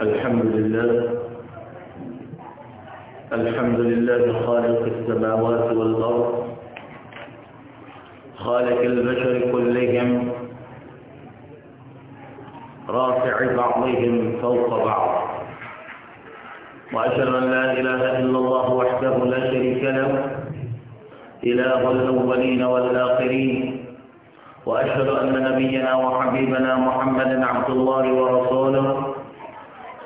الحمد لله الحمد لله خالق السماوات والأرض خالق البشر كلهم رافع بعضهم فوق بعض وأشهد أن لا إله إلا الله وحده لا شريك له إله الأولين والآخرين وأشهد أن نبينا وحبيبنا محمدا عبد الله ورسوله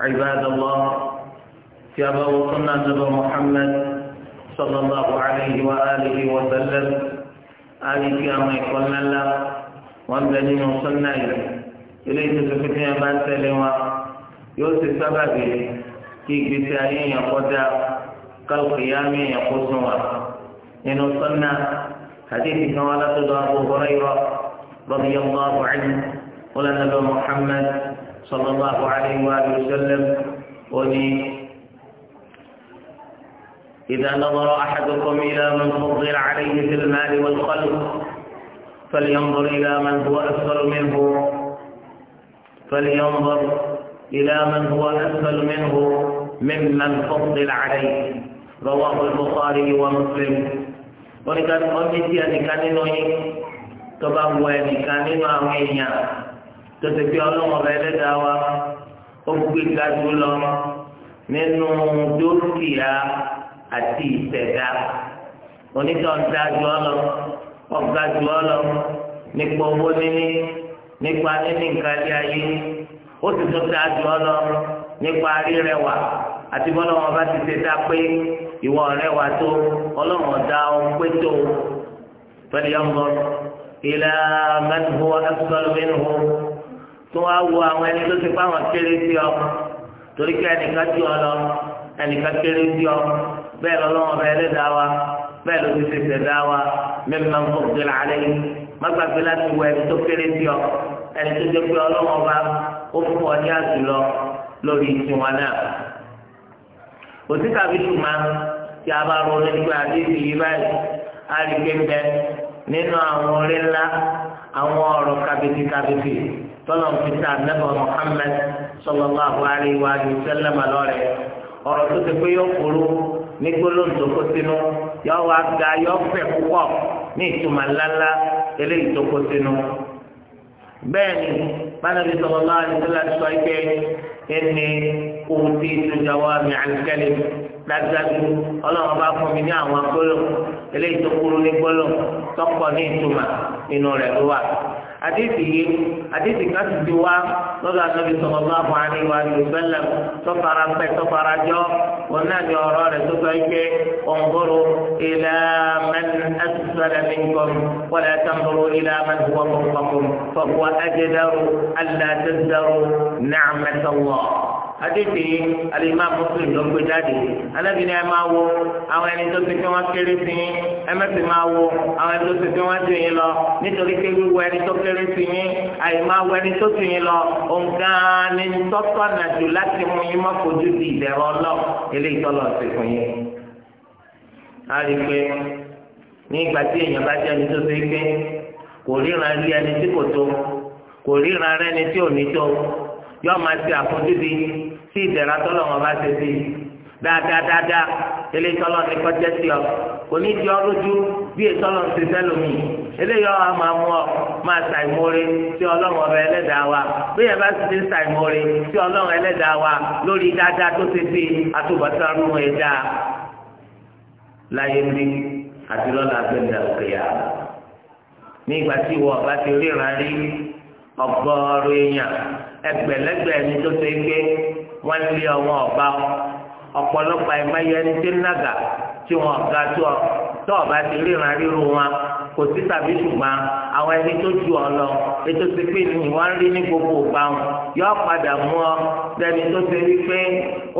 عباد الله يا بوطنا نبي محمد صلى الله عليه وآله وسلم عليك يا ما يقولنا الله وانبني وصلنا إليه إليه تفتني أبان سلوى يوسف سببي كي بسعين يقضى كالقيام يقصنوا إن وصلنا حديث كوالة أبو هريرة رضي الله عنه قال محمد صلى الله عليه وآله وسلم وني إذا نظر أحدكم إلى من فضل عليه في المال والخلق فلينظر إلى من هو أسفل منه فلينظر إلى من هو أسفل منه ممن فضل عليه رواه البخاري ومسلم ولكن قد يتيا نكاد نوي تبا كان ما tọ́sí pé ọlọ́run ọba ẹlẹ́dàá wa ó gbé ga jùlọ nínú dúkìá àti ìṣẹ̀dá onítọ̀ǹda jù ọ lọ ọ̀gá jù ọ lọ nípa owó níní nípa níní nǹkan lé ayé ó sì tún dáa jù ọ lọ nípa rírẹwà àti bọ́lá bá ti ṣe dá pé ìwọ ọ̀rẹ́ wa tó ọlọ́run ọ̀dá ọ̀hún pé tó fẹ́lẹ́ yọ̀ ń bọ̀ ìlà mẹ́tò ẹ̀fọ́ lómìnira tó wá wo àwọn ẹni tó ti pa àwọn kéré sí ọ torí kí ẹnìkan jù ọ lọ ẹnìkan kéré sí ọ bẹ́ẹ̀ lọ́lọ́wọ́ bẹ́ẹ̀ lé dá wa bẹ́ẹ̀ ló ti ṣẹ̀ṣẹ̀ dá wa mímọ́ nǹkan òkè làálẹ́ yìí má gbàgbé láti wọ ẹni tó kéré sí ọ ẹni tó jẹ́ pé ọlọ́wọ́ bá ó fún ọ ní àjùlọ lórí tiwọn náà òsì tàbí ṣùgbọ́n tí a bá ronú nípa àdéhùn yìí báyìí a rí pé ń nínú àwọn orí ńlá àwọn ọ̀rọ̀ kàbìtì kàbìtì tọ́lọ̀ ń fi sáà nẹ́bọ̀ Muhammad sallallahu alaihi wa sallam lọ́rẹ̀ ọ̀rọ̀ tó ti pé yóò kúrú ní gbólóńtò kó sínú yọ wá ga yọ fẹ̀ púpọ̀ ní ìtumọ̀ ńláńlá eléyìí tó kó sínú. bẹ́ẹ̀ ni bánàbí sallallahu alaihi wa sallam sọ pé ẹni ohun tí ìtújáwá mi àlùkẹ́lẹ́ dájúdájú ọlọ́run bá fún mi ní àwọn gbólóńtò eléyìí tó kúrú ní gbólóńtò tọ́pọ̀ ní ìtumọ̀ inú rẹ̀ ló wà àdéhìí yìí àdéhìí ká sì ti wá lọ́dọ̀ àtọ́bí sọ̀rọ̀ bá bọ̀ àní wa ní ìbẹ́lẹ̀ tọ́fara pẹ́ tọ́fara jọ wọn náà ní ọ̀rọ̀ rẹ̀ tó sọ pé ọ̀ngọ́rò ilà mẹ́ni ẹ̀sùsọ̀rẹ̀ mi kọ́m wọ́n lè tẹ̀mbọ̀rọ̀ ilà mẹ́ni wọ́n kọ́m fọ́kùn fọ́kùn adédè alimá muslim ló gbé jáde alábìnrin ẹ máa wo àwọn ẹni tó ti fi wọn kéré sí yín ẹ má sì máa wo àwọn ẹni tó ti fi wọn tù yín lọ nítorí pé wíwo ẹni tó kéré sí yín àyèmá wo ẹni tó tù yín lọ òǹkan ni tọ́tọ́ nàdù láti mú yín má di ìdẹ̀rọ lọ eléyìí tọ́lọ̀ sí fún yín. a rí i ní ìgbà tí èèyàn bá jẹ́ ẹni tó ṣe é kò ríran rí ẹni tí kò tó kò ríran rẹ́ni tí ò ní tó yọ sí ìdẹ̀ra tọ́lọ̀ wọn bá ṣe sí i dáadáadáa eléyìí tọ́lọ̀ ní kọjá sí ọ kò ní ti ọ bí ètò ọlọ́run ti fẹ́ lómi eléyìí ọ máa mú ọ máa ṣàìmóore sí ọlọ́run ọba ẹlẹ́dàá wa bí yẹn bá ti sí ọlọ́run ẹlẹ́dàá wa lórí dáadáa tó ti fi àtúbọ̀tán mú ẹ dáa láyé ní àti lọ́la gbẹ̀dẹ̀ ní ìgbà wọ́n lé ọwọ́ ọba ọ̀pọ̀lọpọ̀ ẹ̀mẹ́yẹ ní tí ń nàgà tí wọn ga tó ọ tó ọba ti ríran ríru wọn kò sí tàbí ṣùgbọ́n àwọn ẹni tó ju ọ lọ ètò ti pé ní wọ́n ń rí ní gbogbo ọba wọn yóò padà mú ọ lẹ́ni tó ti rí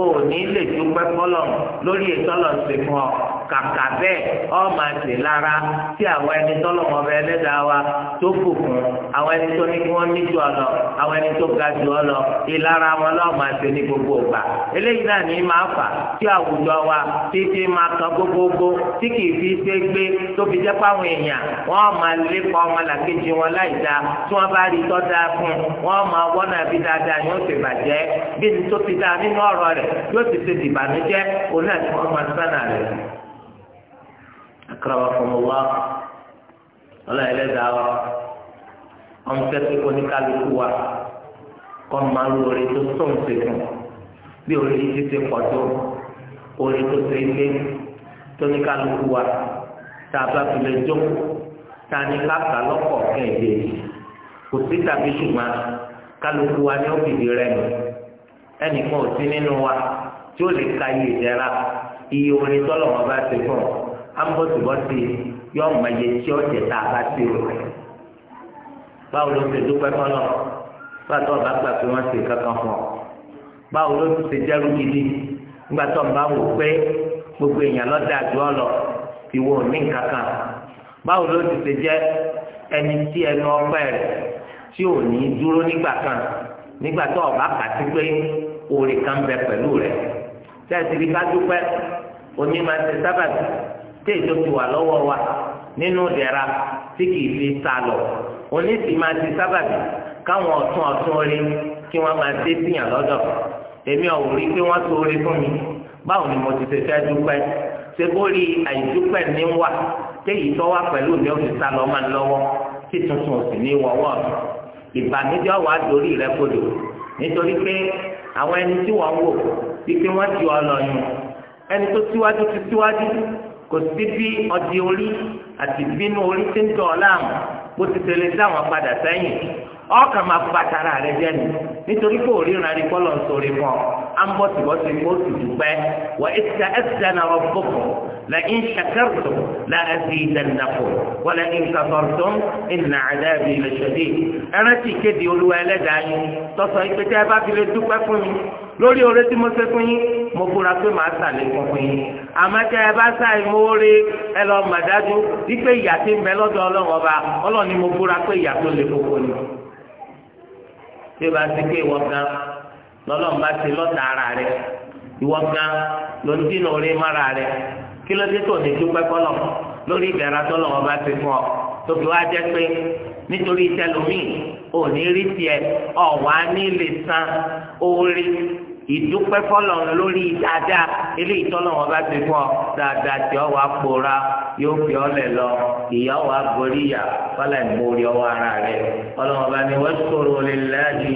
o ò ní lè dúpẹ́ fọlọ́ lórí ètò ọlọ́ọ̀sìn fún ọ kàkà bẹ́ẹ̀ ọmọ àti lára tí àwọn ẹni tọ́lọ́mọ bẹ ẹlẹ́dàá wa tó fòkun àwọn ẹni tó ní kí wọ́n ní ju ọ lọ àwọn ẹni tó ga ju ọ lọ ìlara wọn lọ́mọ àti ní gbogbo ìgbà eléyìí náà ní máa fà tí àwùjọ wa títí máa kan gbogbogbò tí kì í fi ṣe gbé tó fi jẹ́ páwọn èèyàn wọ́n máa lépa ọmọ làkejì wọn láì dá tí wọ́n bá rí tọ́da fún wọ́n máa wọ́nà bí dáadáa náà ni wọ́n akramakumullah ọlọ́run ẹlẹ́dàá wa ọmọ tẹ́sí oníkálukú wa kọ́ máa ń lórí tó sóun ṣe fún bí orí yìí ti pọ̀ tó orí tó ṣe gbé tóníkálukú wa tá a bá fi lè jókòó tá a ní káàkà lọ́pọ̀ kẹ́ẹ̀dẹ́ kò sí tàbí ṣùgbọ́n kálukú wa ní òbíbi rẹ nù ẹnìkan wa tí ó lè ka iye ìjẹra iye orin tọ́lọ̀ wọn bá ṣe fún ambọ̀tìbọ̀tì yọ ọmọ yẹ tí ọ̀jẹ̀ tá a bá ti rò rẹ̀ báwo ló ti dúpẹ́ fọlọ́ báwo tó ọba gbà pé wọ́n ti kankan fún ọ báwo ló ti dẹ́rù gidi nígbà tó ọba wò pé gbogbo èèyàn lọ́dẹ àjọ ọlọ ìwọ ò ní kankan báwo ló ti ti jẹ́ ẹni tí ẹnu ọpẹ́ rẹ̀ tí ò ní dúró nígbà kan nígbà tó ọba kàtí pé oore kan bẹ pẹ̀lú rẹ̀ tẹ́sí bí ká dúpẹ́ oní máa ti tí èso ti wà lọ́wọ́ wa nínú ìdẹ̀ra tí kìí fi sá lọ oníṣìí máa ti sábàbí káwọn ọ̀tún ọ̀tún rí kí wọ́n máa dé síyàn lọ́dọ̀ èmi ò rí pé wọ́n tó rí fún mi báwo ni mo ti ṣe fẹ́ dúpẹ́ ṣé bórí àìdúpẹ́ ní wà téyì tó wà pẹ̀lú mi ò fi sá lọ máa lọ́wọ́ tí tuntun ò sì ní wọ́wọ́ ọ̀tún ìbànújẹ́ wàá dorí rẹ kodò nítorí pé àwọn ẹni tí wọ́n wò wípé wọ́n ti ọ lọ yùn ẹni tó síwájú ti síwájú kò sí bí ọdí orí àti bínú orí ti ń tọ̀ ọ́ láàmú bó ti tẹ̀lé sáwọn padà sẹ́yìn ọkàn máa bàtàrà rẹ jẹ ni nítorí pé òríran ni kọ́lọ̀ ń sọ̀rọ̀ fún ọ à ń sì dùpẹ́ wọ́n ẹ̀sìtà ẹ̀sìtà náà rọ̀ bọ̀kọ̀ لئن شكرتم لأزيدنكم ولئن كفرتم إن عذابي لشديد أنا تكدي الوالد عين تصيب تابع في الدكة فمي lórí oore tí mo ṣe fún yín mo búra pé màá ṣàlékún fún yín àmọ́ tẹ́ ẹ bá ṣàì mórè ẹ lọ mà dájú wípé ìyà tí ń bẹ lọ́dọ̀ ọlọ́run ọba ọlọ́run ni mo búra pé ìyà tó le koko ni. tí o bá ti pé ìwọ gan lọ́lọ́run bá ti lọ́ta ara rẹ ìwọ gan ló ń dínà orí mára rẹ kí ló dé tó ní dúpẹ́ kọ́lọ̀ lórí ìbẹ̀rẹ̀ tọ́lọ̀ wọn bá ti fún ọ tó wá jẹ́ pé nítorí tẹlomiin ò ní rí tiẹ̀ ọ̀wá ní lè san orí ìdúpẹ́ kọ́lọ̀ lórí dáadáa eléyìí tọ́lọ̀ bá ti fún ọ dáadáa tí ọ wá pòórá yóò fi ọ lẹ̀ lọ ìyá wa gorí ìyá wọlé ìgbórí ọwọ́ ara rẹ̀ ọlọ́wọ́n bá ní wọ́n sọ̀rọ̀ lè láàyè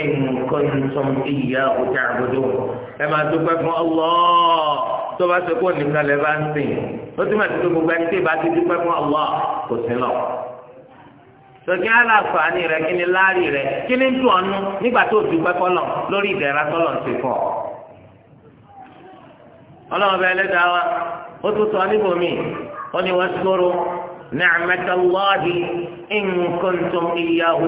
in kuntum iyyahu ta'budun ẹ máa dúpẹ́ fún Allah tó bá sọ pé nìkan lè bá ń sìn ó ti máa ti tó gbogbo ẹni tí ìbá ti dúpẹ́ fún Allah kò sí lọ. sọ̀kí aláǹfààní rẹ̀ kí ni láàrí rẹ̀ kí ni dùn ọ́nú nígbà tó dúpẹ́ fọlọ̀ lórí ìdẹ̀ra tọ́lọ̀ ń ti fọ̀. ọlọ́run bẹ ẹlẹ́dàá wa ó tún sọ níbòmí ó ní wọ́n sọ̀rọ̀ ni'matallahi in kuntum iyyahu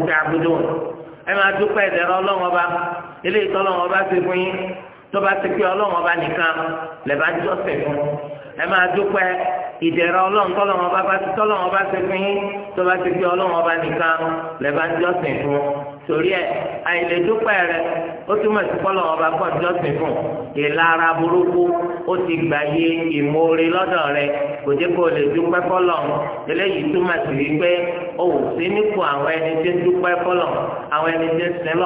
tọ́ba ti pé ọlọ́run ọba nìkan lẹ́bàá jọ́sẹ̀ fún ẹ máa dúpẹ́ ìdẹ̀ra ọlọ́run tọ́lọ́run ọba ti tọ́lọ́run ọba ti fún yín tó bá ti fi ọlọ́run ọba nìkan lẹ́bà ń jọ́sìn fún torí ẹ àìlè dúpẹ́ rẹ ó túmọ̀ sí kọ́lọ́run ọba pọ̀ jọ́sìn fún ìlara burúkú ó ti gbà yé ìmoore lọ́dọ̀ rẹ kò jẹ́ kó o lè dúpẹ́ kọ́lọ́run eléyìí túmọ̀ sí wípé o ò sí nípò àwọn ẹni tí ń dúpẹ́ kọ́lọ́run àwọn ẹni tí ń sin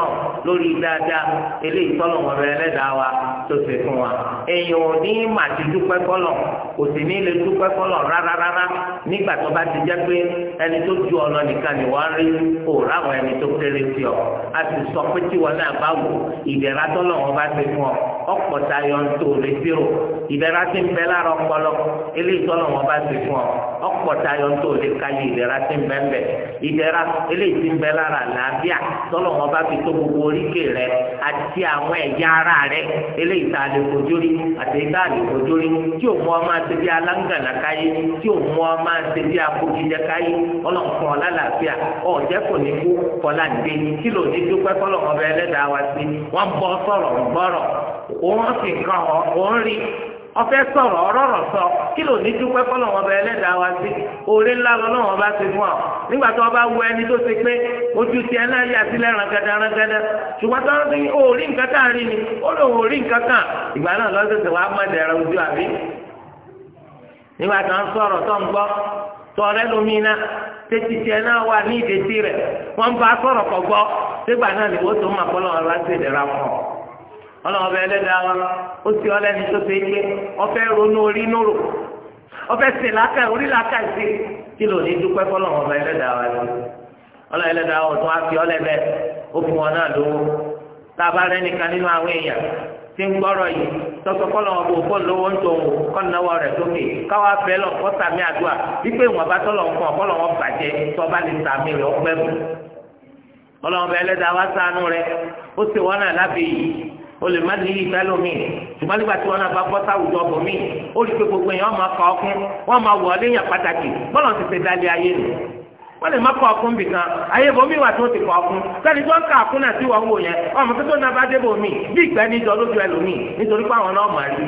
lórí dáadáa eléyìí tọ́lọ́run ọba ẹlẹ́dàá wa tó ṣe fún wa èèyàn ò ní mà dúpẹ́ kọ́lọ́run kò sì ní lè dúpẹ́ fọlọ́ rárá rárá nígbà tó bá ti jẹ́ pé ẹni tó ju ọ̀nà nìkan ni wọ́n rí kò ráwọn ẹni tó kéré sí ọ a sì sọ pé tí wọn náà bá wò ìdẹ̀ra tọ́lọ̀ wọn bá ti fún ọ ọ̀pọ̀ tayọ ń tó retí rò ìdẹ̀ra ti ń bẹ lára ọpọlọ eléyìí tọ́lọ̀ wọn bá ti fún ọ ọ̀pọ̀ tayọ ń tó lè káyé ìdẹ̀ra ti ń bẹ́ẹ̀ bẹ́ẹ̀ ìdẹ̀ra eléyìí ti ń bẹ lára làábíà tọ́lọ̀ wọn bá fi tó gbogbo oríkè rẹ àti àwọn ẹ̀yà ara rẹ eléyìí tá a lè fojú rí àti tá a lè fojú rí tí ò mú máa ṣe bí aláǹgànà káyé tí òun ọ máa ṣe bí akókìjẹ káyé ọlọ́nkọ́ ọlálàáfíà ọ̀jẹ́ kò ní kú kọ́lá gbé kí ló ní dúpẹ́ kọ́lọ̀ ọbẹ̀ ẹlẹ́dàá wa sí wọ́n bọ́ sọ̀rọ̀ gbọ́rọ̀ òun sì kàn ọ́ òun rí ọfẹ sọ̀rọ̀ ọrọrọ sọ kí ló ní dúpẹ́ kọlọ wọn bẹ ẹlẹ́dàá wa sí oore ńlá lọ náà wọn bá ti fún ọ nígbà tó wọn bá wọ ẹni tó ṣe pé ojú tiẹ̀ náà yà sílẹ̀ rangada rangada ṣùgbọ́n tó ń rí orí nǹkan tá rí ni ó lòun orí nǹkan kan ìgbà náà lọ́sọ̀ọ̀sẹ̀ wàá má dẹ̀rẹ̀ ojú àbí nígbà tó ń sọ̀rọ̀ tó ń tọrẹ lomi iná tètè tiẹ̀ náà wà ní ìdètí rẹ̀ wọ́n bá sọ̀rọ̀ kọ̀ náà ni wọ́n tó ọ. ọlọ́wọ́ bẹ ẹlẹ́dàá wa ó sì tó ṣe é ronú orí nóró orí sí kí ló ní lọ. tó wá fi ó fún náà lówó tá a bá nìkan nínú àwọn èèyàn tí ń gbọ́rọ̀ yìí tọ́sọ kọ́lọ̀ wọn kò fóun lówó ń tó ń kọ́ náwó rẹ̀ sókè káwá fẹ́ lọ kọ́ sàmì àdúrà wípé ìwọ̀n bá tọ́lọ̀ ń kàn kọ́lọ̀ wọn bàjẹ́ tó lè sàmì rẹ̀ ọpẹ́ mu. ọlọ́run bẹ́ẹ̀ o lè má mi ṣùgbọ́n nígbà tí náà bá bò mí ó rí i pé gbogbo èèyàn máa ayé wọ́n lè má kọ́ ọkùn bì kan ayé bomi wà tó ti kọ́ ọkùn sẹ́ni tó ń ka àkún náà sí wọ́n wò yẹn ọmọ tó tó ń nabá dé bomi bí ìgbẹ́ níjọ lójú ẹlòmíì nítorí pé àwọn náà wa tún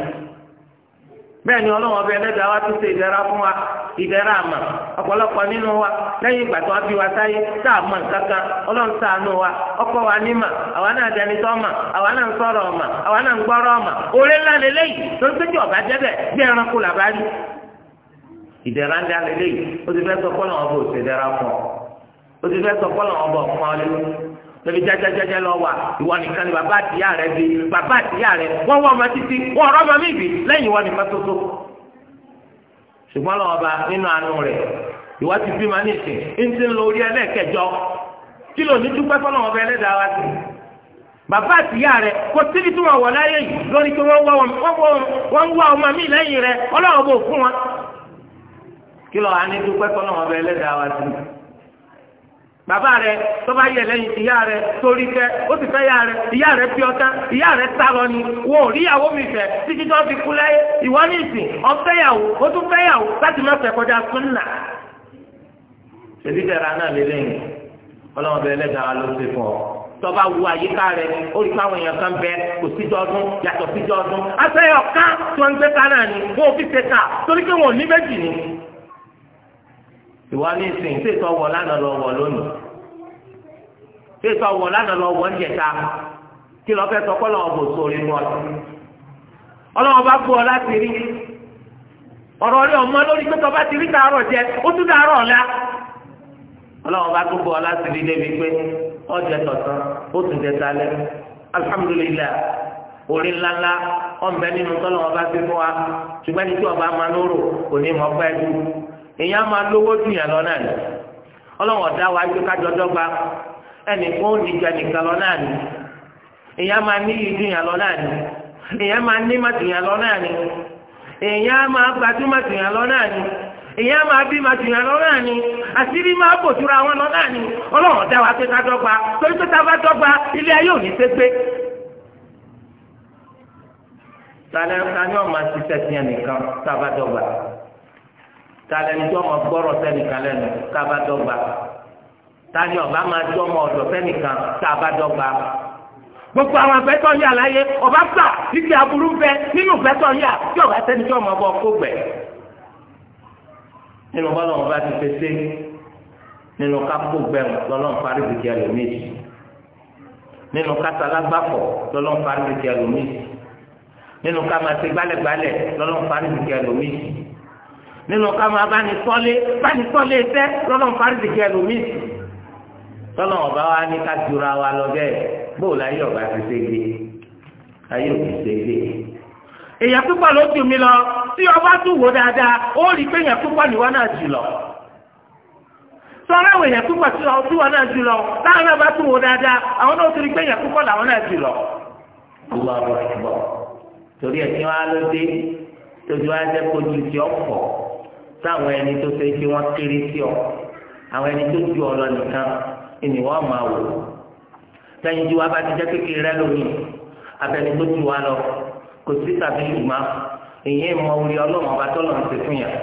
ṣe fún wa àmà ọ̀pọ̀lọpọ̀ nínú wa lẹ́yìn ìgbà tó wá bí wa sáyé a mọ̀ nǹkankan ọlọ́run ṣàánú wa ìdẹ̀ra ń dalẹ̀ léyìí ó ti fẹ́ sọ pọ́lọ̀ wọn bò ṣe dẹ́ra fún ọ ó ti fẹ́ sọ pọ́lọ̀ wọn bò pọ́n lé lórí jájájájá lọ wà ìwọ nìkan ni bàbá àtìyá rẹ bí bàbá àtìyá rẹ wọ́n wọ́n ọmọ títí wọ́n ọ̀rọ̀ ọmọ mi bì lẹ́yìn ìwọ nìkan tó tó ṣùgbọ́n lọ́wọ́ bá nínú àánú rẹ̀ ìwọ ti bímọ ní ìsìn ń ti ń lo orí ẹlẹ́ẹ̀kẹjọ kí ló ní dúpẹ́ fọlọ́wọ́n bẹ ẹlẹ́dàá wa sí bàbá àtìyá rẹ kò síbi tí wọn wọ láyé yìí lórí pé wọn wá ọmọ mi lẹ́yìn rẹ ọlọ́wọ́ bò fún wọn kí lọ wá ní dúpẹ́ kọ́ lọ́wọ́ bẹ ẹlẹ́dàá wa sí. bàbá rẹ tó bá yẹ lẹ́yìn ìyá rẹ torí fẹ́ ó sì fẹ́ yá rẹ ìyá rẹ fi ọtá ìyá rẹ sá lọ ni wo ò ríyàwó mi fẹ́ títí tó fi kú láyé ìwọ ní ìsìn ọ̀fẹ́yàwó ó tún fẹ́yàwó láti má fẹ́ kọjá súnà. ṣèlú ìjẹra náà lélẹ́yìn ọlọ́wọ́ bẹ ẹlẹ́dàá wa ló ṣe fún ọ tọba wu àyíká rẹ ó rí káwọn èèyàn kan bẹ kò síjọ ọdún yàtọ̀ síjọ ọdún. aṣọ ẹ̀yọ̀ ká tí wọ́n ń gbé ká náà ni wọ́n ò fi ṣe ká torí pé wọ́n ò ní méjì ni. ìwà ní ìsìn tí ètò ọwọ́ lánàá lọ wọ̀ lónìí tí lánàá lọ ńjẹta kí sọ kọ́ lọ́wọ́ bò sórí mọ́ ọ bá gbọ́ ọ láti rí ọ̀rọ̀ ọmọ lórí pé ti rí tààrọ̀ jẹ ó tún tààrọ̀ ọ̀la bá gbọ́ ọ láti rí débi pé tọ̀tàn ó ọba máa lóró èèyàn máa lówó ju yàn lọ náà ni ọlọ́wọ́n ọ̀dá wa ju kájọ dọ́gba ẹnì lọ náà ni èèyàn máa ní ìlú yàn lọ náà ni èèyàn máa ní màtìyàn lọ náà ni máa lọ náà ni èyí máa bí máa lọ náà ni àṣírí máa bò túra wọn lọ náà ni wa pé ká torí pé ilé ayé ò ní tani ọ̀ máa a talẹni tí ọmọ gbọ́rọ̀ sẹ́nìkan lẹ́nu kába dọ́gba tani ọba máa tí ọmọ ọ̀dọ̀ sẹ́nìkan kába dọ́gba gbogbo àwọn afẹ́tọ̀ yà láyé ọba gbà títí aburú bẹ nínú fẹ́tọ̀ yà tí ọba sẹ́ni tí ọmọ bọ kó gbẹ nínú bọ́lá ọba ti pèsè nínú kápò gbẹ̀rún lọ́lọ́run parí bìkì ẹlòmíì nínú kátalágbàpọ̀ lọ́lọ́run parí bìkì ẹlòmíì nínú kámasẹ gbálẹ̀gbálẹ̀ lọ́lọ́run parí bìkì ẹlòmíì nínú ká máa bá ní tọ́lé bá ní tọ́lé tẹ́ lọ́nà fárídì kí ẹlòmíì sí tọ́lọ̀ ọba wa ní ká jura wa lọ bẹ́ẹ̀ bóò láyé ọba ti ṣe gbé ayé òbí èèyàn púpọ̀ ló jù mí lọ tí ọba tún wò dáadáa ó rí i pé èèyàn púpọ̀ ni wọ́n náà jù lọ. sọ́ra èèyàn púpọ̀ tí wọ́n náà jù lọ táwọn náà bá tún wò dáadáa àwọn náà tún rí i pé èèyàn púpọ̀ làwọn náà jù lọ. ìwà ọ̀rọ̀ ìbọ̀ torí ẹ̀ tí wọ́n á ló dé tójú wa jẹ́ kó ju ti ọ̀pọ̀ táwọn ẹni tó ṣe pé wọ́n kéré sí ọ àwọn ẹni tó ju ọ lọ nìkan ni wọ́n máa wò lẹ́yìn tí wọ́n bá ti jẹ́ kékeré rẹ lómi abẹni tó ju wa lọ kò sí tàbí ṣùgbọ́n èyí ń mọ orí ọlọ́run ọba tọ́lọ̀ ń ṣe fún yàn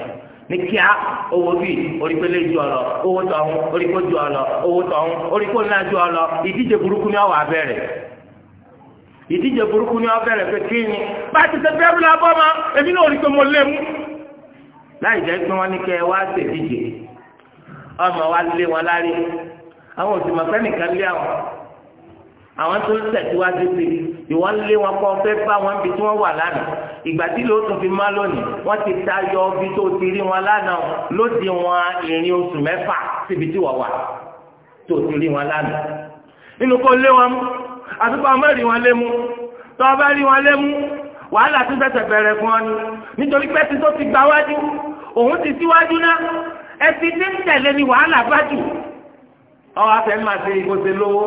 ní kíá owó bíi orípele ju ọ lọ owó tọ̀hún orípò ju ọ lọ owó tọ̀hún orípò ńlá ju ọ lọ ìdíje burúkú ni ọwọ́ abẹ́rẹ́ ìdíje burúkú ni ọbẹ̀rẹ̀ pé kí ni bá ti ṣe bẹ́ẹ̀rù làbọ́ ma èmi náà rí pé mo lé mu láì jẹ́ pé wọ́n ní kẹ́ ẹ wá ṣèdíje ọmọ wa lé wọn lárí àwọn òsìmọ̀ fẹ́nìkan lé àwọn àwọn tó ń tẹ̀síwájú sí ìwọ ń lé wọn kọ́ fẹ́ bá wọn bí tí wọ́n wà lánàá ìgbà tí ló tún fi má lónìí wọ́n ti ta yọ ibi tó ti rí wọn lánàá ló di wọn ìrìn oṣù mẹ́fà síbi tí wọ́n wà tó ti rí wọn lánàá nínú kó lé wọn mú àtúkọ ọmọ rí wọn lé mú tó ọba rí wọn lé mú wàhálà tó tẹ̀sẹ̀ bẹ̀rẹ̀ fún ọ ni nítorí pé tí tó ti gbáwájú òun ti síwájú náà ẹtì tí ń tẹ̀lé ni wàhálà bá jù ọ afẹ́ máa ṣe ìbò ṣe lówó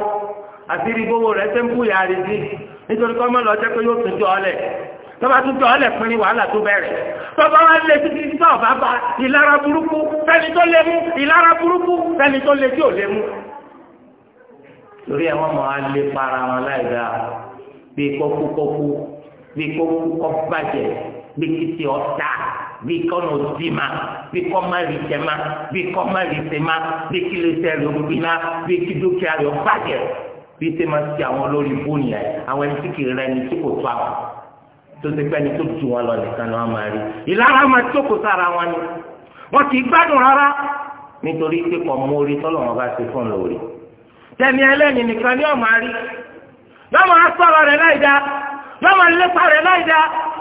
àti ìrìgbówó rẹ̀ ṣe ń bú ìyá rẹ̀ sí nítorí kọ́ mọ́lọ́ jẹ́ pé yóò tún jọ ọlẹ̀ tọ́ba tún jọ ọlẹ̀ fún ní wàhálà tó bẹ̀rẹ̀ tọ́ba wá lé títí tí ọba bá ìlara burúkú fẹ́ni tó lé mú ìlara burúkú fẹ́ni tó lé tí ò lé mú. torí ẹ wọn mọ alẹ para wọn láì dáa bíi kọkú kọkú bíi kọkú kọ bàjẹ́ bí kìtì ọ̀tá bí kọ́nà òsì ma bí kọ́má rí tẹ ma bí kọ́má rí tẹ ma bí kílẹ̀sẹ̀ rẹ̀ ògbìnà bí kí dúkìá rẹ̀ bàjẹ́ bí tẹ ma ti àwọn olórí bóni ẹ̀ àwọn ẹni tí kì í rẹ ni tí kò tó àwọn tó ti pẹ́ ni tó ju wọn lọ nìkan ni wọ́n máa rí ìlara máa jókòó sára wọn ni wọ́n kì í gbádùn rárá nítorí pé kò mú orí tọ́lọ̀ wọn bá ṣe fún lórí tẹ̀mí ẹlẹ́yìn nìkan ni wọ́n máa rí yọ́n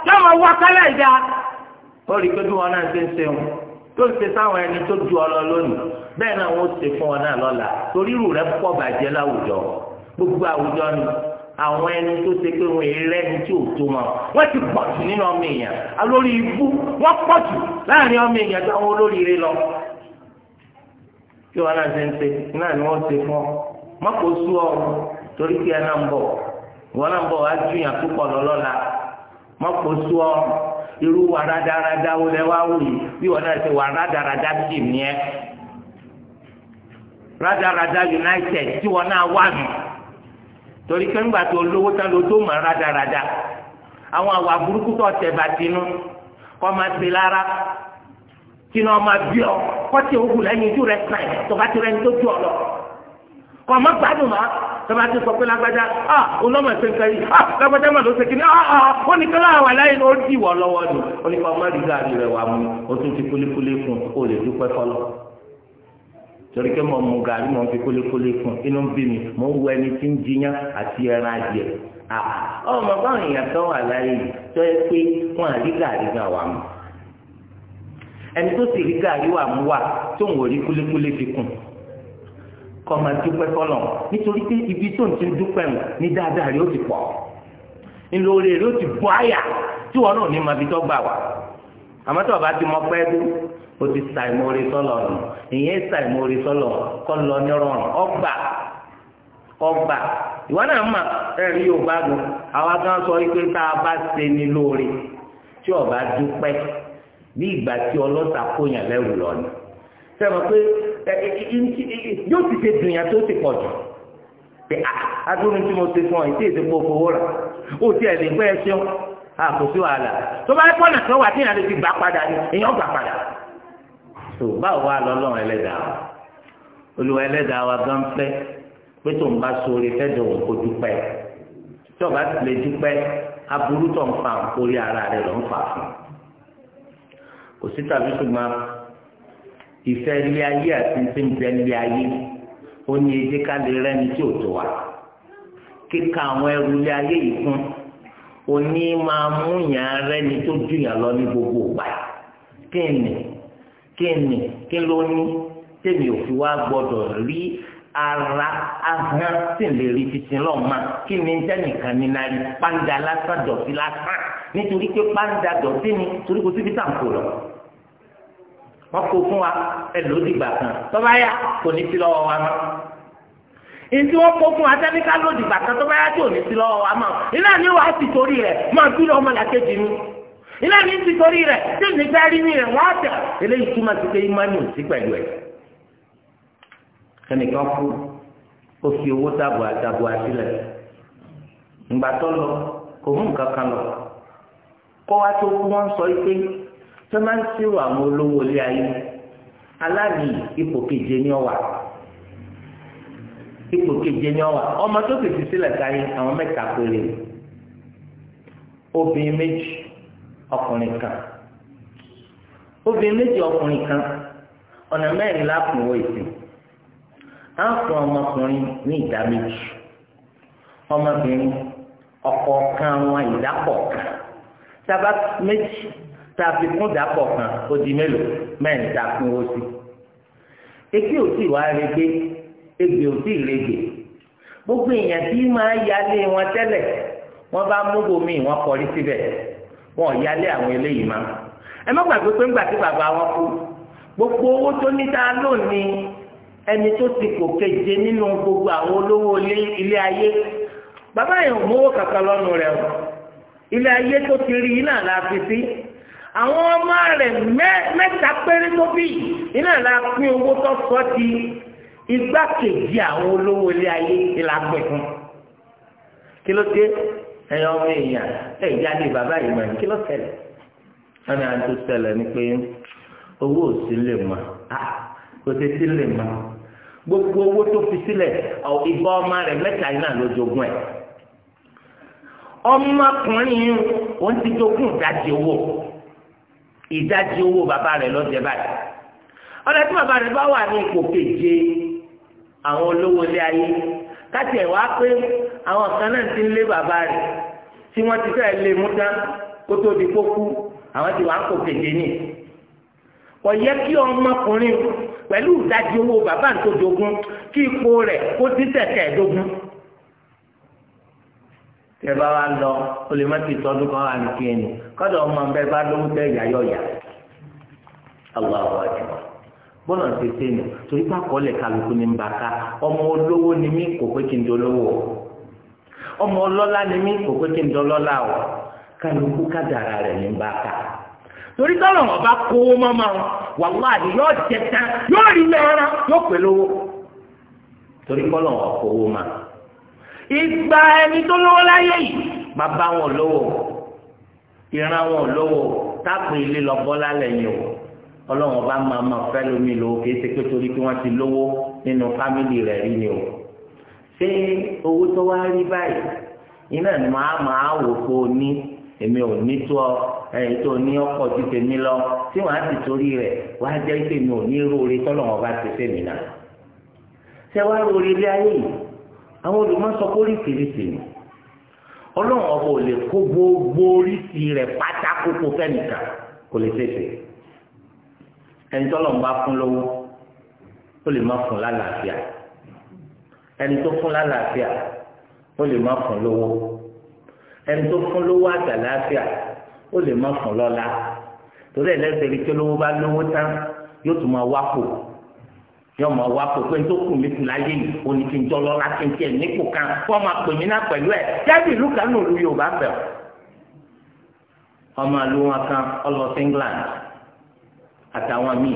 yóò máa wá kálẹ̀ ìdá ó rí i pé bí wọn náà ṣe ń sáwọn ẹni tó ju ọ lónìí bẹ́ẹ̀ náà wọ́n ṣe fún ọ náà lọ́la torí irú rẹ̀ pọ̀ bàjẹ́ láwùjọ gbogbo àwùjọ ni àwọn ẹni tó ṣe pé wọn èrè ẹni tí ò tó wọn ti pọ̀ jù nínú ọmọ èèyàn alórí ibú pọ̀ jù láàrin ọmọ èèyàn tó àwọn lọ kí wọn náà ṣe ọ mọ́kò sú ọ torí kí ẹ náà ń bọ̀ wọn náà ń bọ̀ wá yàn mọ́kò irú wa rádaràdá wo lẹ wá bí náà ṣe rádaràdá united tí wọn náà wà nù torí pé ńgbà tó lówó tán ló tó mọ̀ rádaràdá àwọn àwà burúkú tó tẹ̀ bá tinú kọ́ máa ti lára ti tó ọ wọn má gbádùn má tọ́ba ti sọ pé lágbájá à olóòmọ̀ ṣe ń kẹ́rì à lágbájá mà ló ṣe kí ni à ah, à ah, ah. ó ní kẹ́lá àwọn aláìní ó dì wọ́ lọ́wọ́ ni ó ní kọ́ mọ́rí gàrí rẹ̀ wà mú o tún fi kúlíkúlí kún o lè dúpẹ́ fọlọ́ torí pé mo mú gàrí mo fi kúlíkúlí kún inú bí mi mo ń wo ẹni tí ń jiyàn àti ẹran adìẹ ọmọ báwọn èèyàn kan wà láyé tó yẹ pé wọn àrí gàrí gan wà mú ẹni tó sì rí gàrí wà mú wà tó ń wò rí kúlíkúlí fi kún kọ́ máa dúpẹ́ fọlọ́ nítorí pé ibi tó ń ti dúpẹ́ ń ní dáadáa rẹ̀ ó ti pọ̀ ńlọrọ̀ ti bọ́ àyà tí wọn náà ní ma fi tọ́ wa. wá àmọ́ tí ti mọ pẹ́ dú o ti sa ìmọ̀ọ́rẹ́ nù ìyẹn sa ìmọ̀ọ́rẹ́ kọ́ lọ ní rọrùn ọgbà ọgbà ìwọ náà mà ẹ̀rí yóò sọ pé tá a bá ṣe ní lóore tí ọba dúpẹ́ ìgbà tí kóyàn lẹ́rù yóò ti ṣe dùnyà tó ti pọ̀ jù pé ah, adúlù tí mo ti fún ọ ìdí èdè gbogbo owó rà ó ti ẹ̀ lè gbé ẹ ṣeun kò sí wàhálà tó bá pọ́nà kan wà tí ìyàrá ti gbà padà ni èèyàn gbà padà. tó báwo wá lọ́lọ́run ẹlẹ́dàá wa olùwà ẹlẹ́dàá wa gan fẹ́ pé tó ń bá sóore fẹ́jọ òun kò dúpẹ́ tí ọba ti dúpẹ́ aburú tó ń fa orí ara rẹ̀ ló fà fún kò sí tàbí ṣùgbọ́n ìfẹ́ ilé ayé àti ti ń bẹ ilé ayé ó ní edé ká lè rẹ́ni tí ò tó wa kíka àwọn ẹrù ilé ayé yìí fún ó ní máa mú yàn rẹ́ni tó jù yàn lọ ní gbogbo ìgbà kí ni kí ni kí ló ní tèmi ò fi wá gbọdọ̀ rí ara ahọ́n sì lè rí títí lọ́ọ̀mà kí ni jẹ́nìkan ní náà pàǹdà lásán dọ̀tí lásán nítorí pé pàǹdà dọ̀tí ni torí kò síbi tá lọ. wọ́n kó fún wa ẹlò dìgbà kan tọba ya kò ní sí lọ́wọ́ wa wọn fún wa sẹ́nìkà ló dìgbà kan tọba ya tí ò ní sí lọ́wọ́ wa mọ́ iná ni torí rẹ̀ máa bí lọ́wọ́ máa làkejì mi torí tí rí mi á eléyìí pé imáni ò sí kú sọ tó máa ń ṣírò àwọn olówó ilé ayé aláàbì ipò keje ní ọwà ipò keje ní ọwà ọmọ tó fèsì sílẹ̀ sáyé àwọn mẹ́ta péré obìnrin méjì ọkùnrin kan obìnrin méjì ọkùnrin kan ọ̀nà mẹ́rin lápòwọ́ ìsìn á fún ọmọkùnrin ní ìdá méjì ọmọbìnrin ọ̀kọ̀ọ̀kan wọn ìdá kọ̀ọ̀kan sábà méjì tá a fi kún dàpọ̀ kan ó di mélòó mẹ́rin tá a kún owó sí. etí ò tí wàá rege egbè ò tí rege gbogbo èèyàn tí máa yálé wọn tẹ́lẹ̀ wọ́n bá mógbó mi wọ́n kọrí síbẹ̀ wọ́n yálé àwọn eléyìí máa. ẹ má gbàgbé pé ńgbà tí bàbá wọn kú gbogbo owó tó ní tá a lónìí ẹni tó ti kò keje nínú gbogbo àwọn olówó ilé ayé bàbá yẹn ò mówó kankan lọ́nu rẹ̀ o ilé ayé tó ti rí iná la fi sí àwọn ọmọ rẹ̀ mẹ́ta péré tó bí iná la pín owó tó sọ ti igbákejì àwọn olówó ilé ayé ìlà pẹ̀ fún kí ló dé ẹ̀yin ọmọ èèyàn ẹ̀yìn adé bàbá yìí mọ̀ kí ló ṣẹlẹ̀ wọ́n ní àti ṣẹlẹ̀ ni pé owó òsì lè mọ̀ kò sí sí lè mọ̀ gbogbo owó tó fi sílẹ̀ ìbọn ọmọ rẹ̀ mẹ́ta yìí náà ló ọmọkùnrin òun ti jogún ìdajì owó ìdajì owó bàbá rẹ̀ lọ́jẹ́ báyìí ọ̀dà tí bàbá rẹ̀ bá wà ní ipò keje àwọn olówó ilé ayé káti ẹ̀ wá pé àwọn kan náà ti ń lé bàbá rẹ̀ tí wọ́n ti fẹ́ lé mú tán kó tó di kókú àwọn ti wà ń kó keje ní kò yẹ kí ọmọkùnrin pẹ̀lú ìdajì owó bàbá tó jogún kí ipò rẹ̀ kó dín tẹ̀kẹ́ dógún. tẹ́bá wa lọ o lè má ti tọ́dún kan wà ní tiẹ̀ kọ́dọ̀ ọmọ bẹ́ẹ̀ bá lówó tẹ́ ìyá yà Allahu akbar bọ́lá ń nù torí kálukú ní ọmọ olówó ni mí kò pé kí n dolówó ọmọ ọlọ́lá ni mí kò pé kí n dọlọ́lá o kálukú kádàrà rẹ̀ ní torí tọ́lọ̀ wọn bá mọ́mọ́ yóò yóò rí yóò pè lówó torí ìgbà ẹni tó lówó láyé yìí bàbá wọn lówó ìran wọn lówó táàpù ilé lọ lálẹ́ yìí o ọlọ́run ọba máa ma fẹ́ lómi lò ó kì í ṣe pé torí pé wọ́n ti lówó nínú fámìlì rẹ̀ rí ni o ṣé owó tó wá rí báyìí iná ni màá máa wò pé o ní èmi ò ní tó ọ ẹ̀yìn tó ní ọkọ ti tèmi lọ tí wàá sì torí rẹ̀ wàá jẹ́ pé mi ò ní róore tọ́lọ́run ọba ti fẹ́ mi náà ṣé wàá róore bí ayé yìí àwọn olùmọ̀sọ kó rí fèrèsè ni ọlọ́run ọba ò lè kó gbogbo oríṣi rẹ̀ pátákókó fẹ́nìkan kò lè tètè ẹni tọ́lọ̀ ń bá fún lówó ó lè má fún lálàáfíà ẹni tó fún lálàáfíà ó lè má fún lówó ẹni tó fún lówó àtàlàáfíà ó lè má fún lọ́lá torí ẹ̀ lẹ́sẹ̀ rí tí olówó bá lówó tán yóò tún máa wá kò yọ ma wá kó pé tó kù mí kù láyé yìí òní ti ń jọ lọ́la ti ń tiẹ̀ nípò kan kó ọmọ pè mí náà pẹ̀lú ẹ̀ jáde ìlú kan náà lu Yorùbá fẹ̀ ọmọ ìlú wọn kan ọlọ sí England àtàwọn míì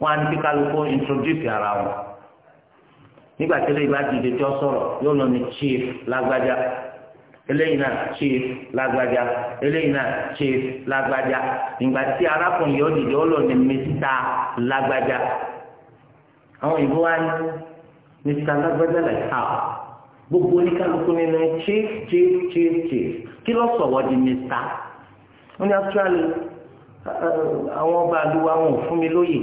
wọn á ní kíkálukú introduce ara wọn nígbà tí eléyìí bá dìde tí ó sọ̀rọ̀ yóò lọ ní chief lágbájá eléyìí náà chief lágbájá eléyìí náà chief lágbájá ìgbà tí arákùnrin yóò dìde ó lọ ní mísítà lágbájá àwọn ìbò wa ní mr lágbájá like how gbogbo oníkálukú nínú chief chief chief chief kí ló sọ̀wọ́ di mr wọ́n ní actually uh, àwọn ọba àdúrà wọn ò fún mi lóyè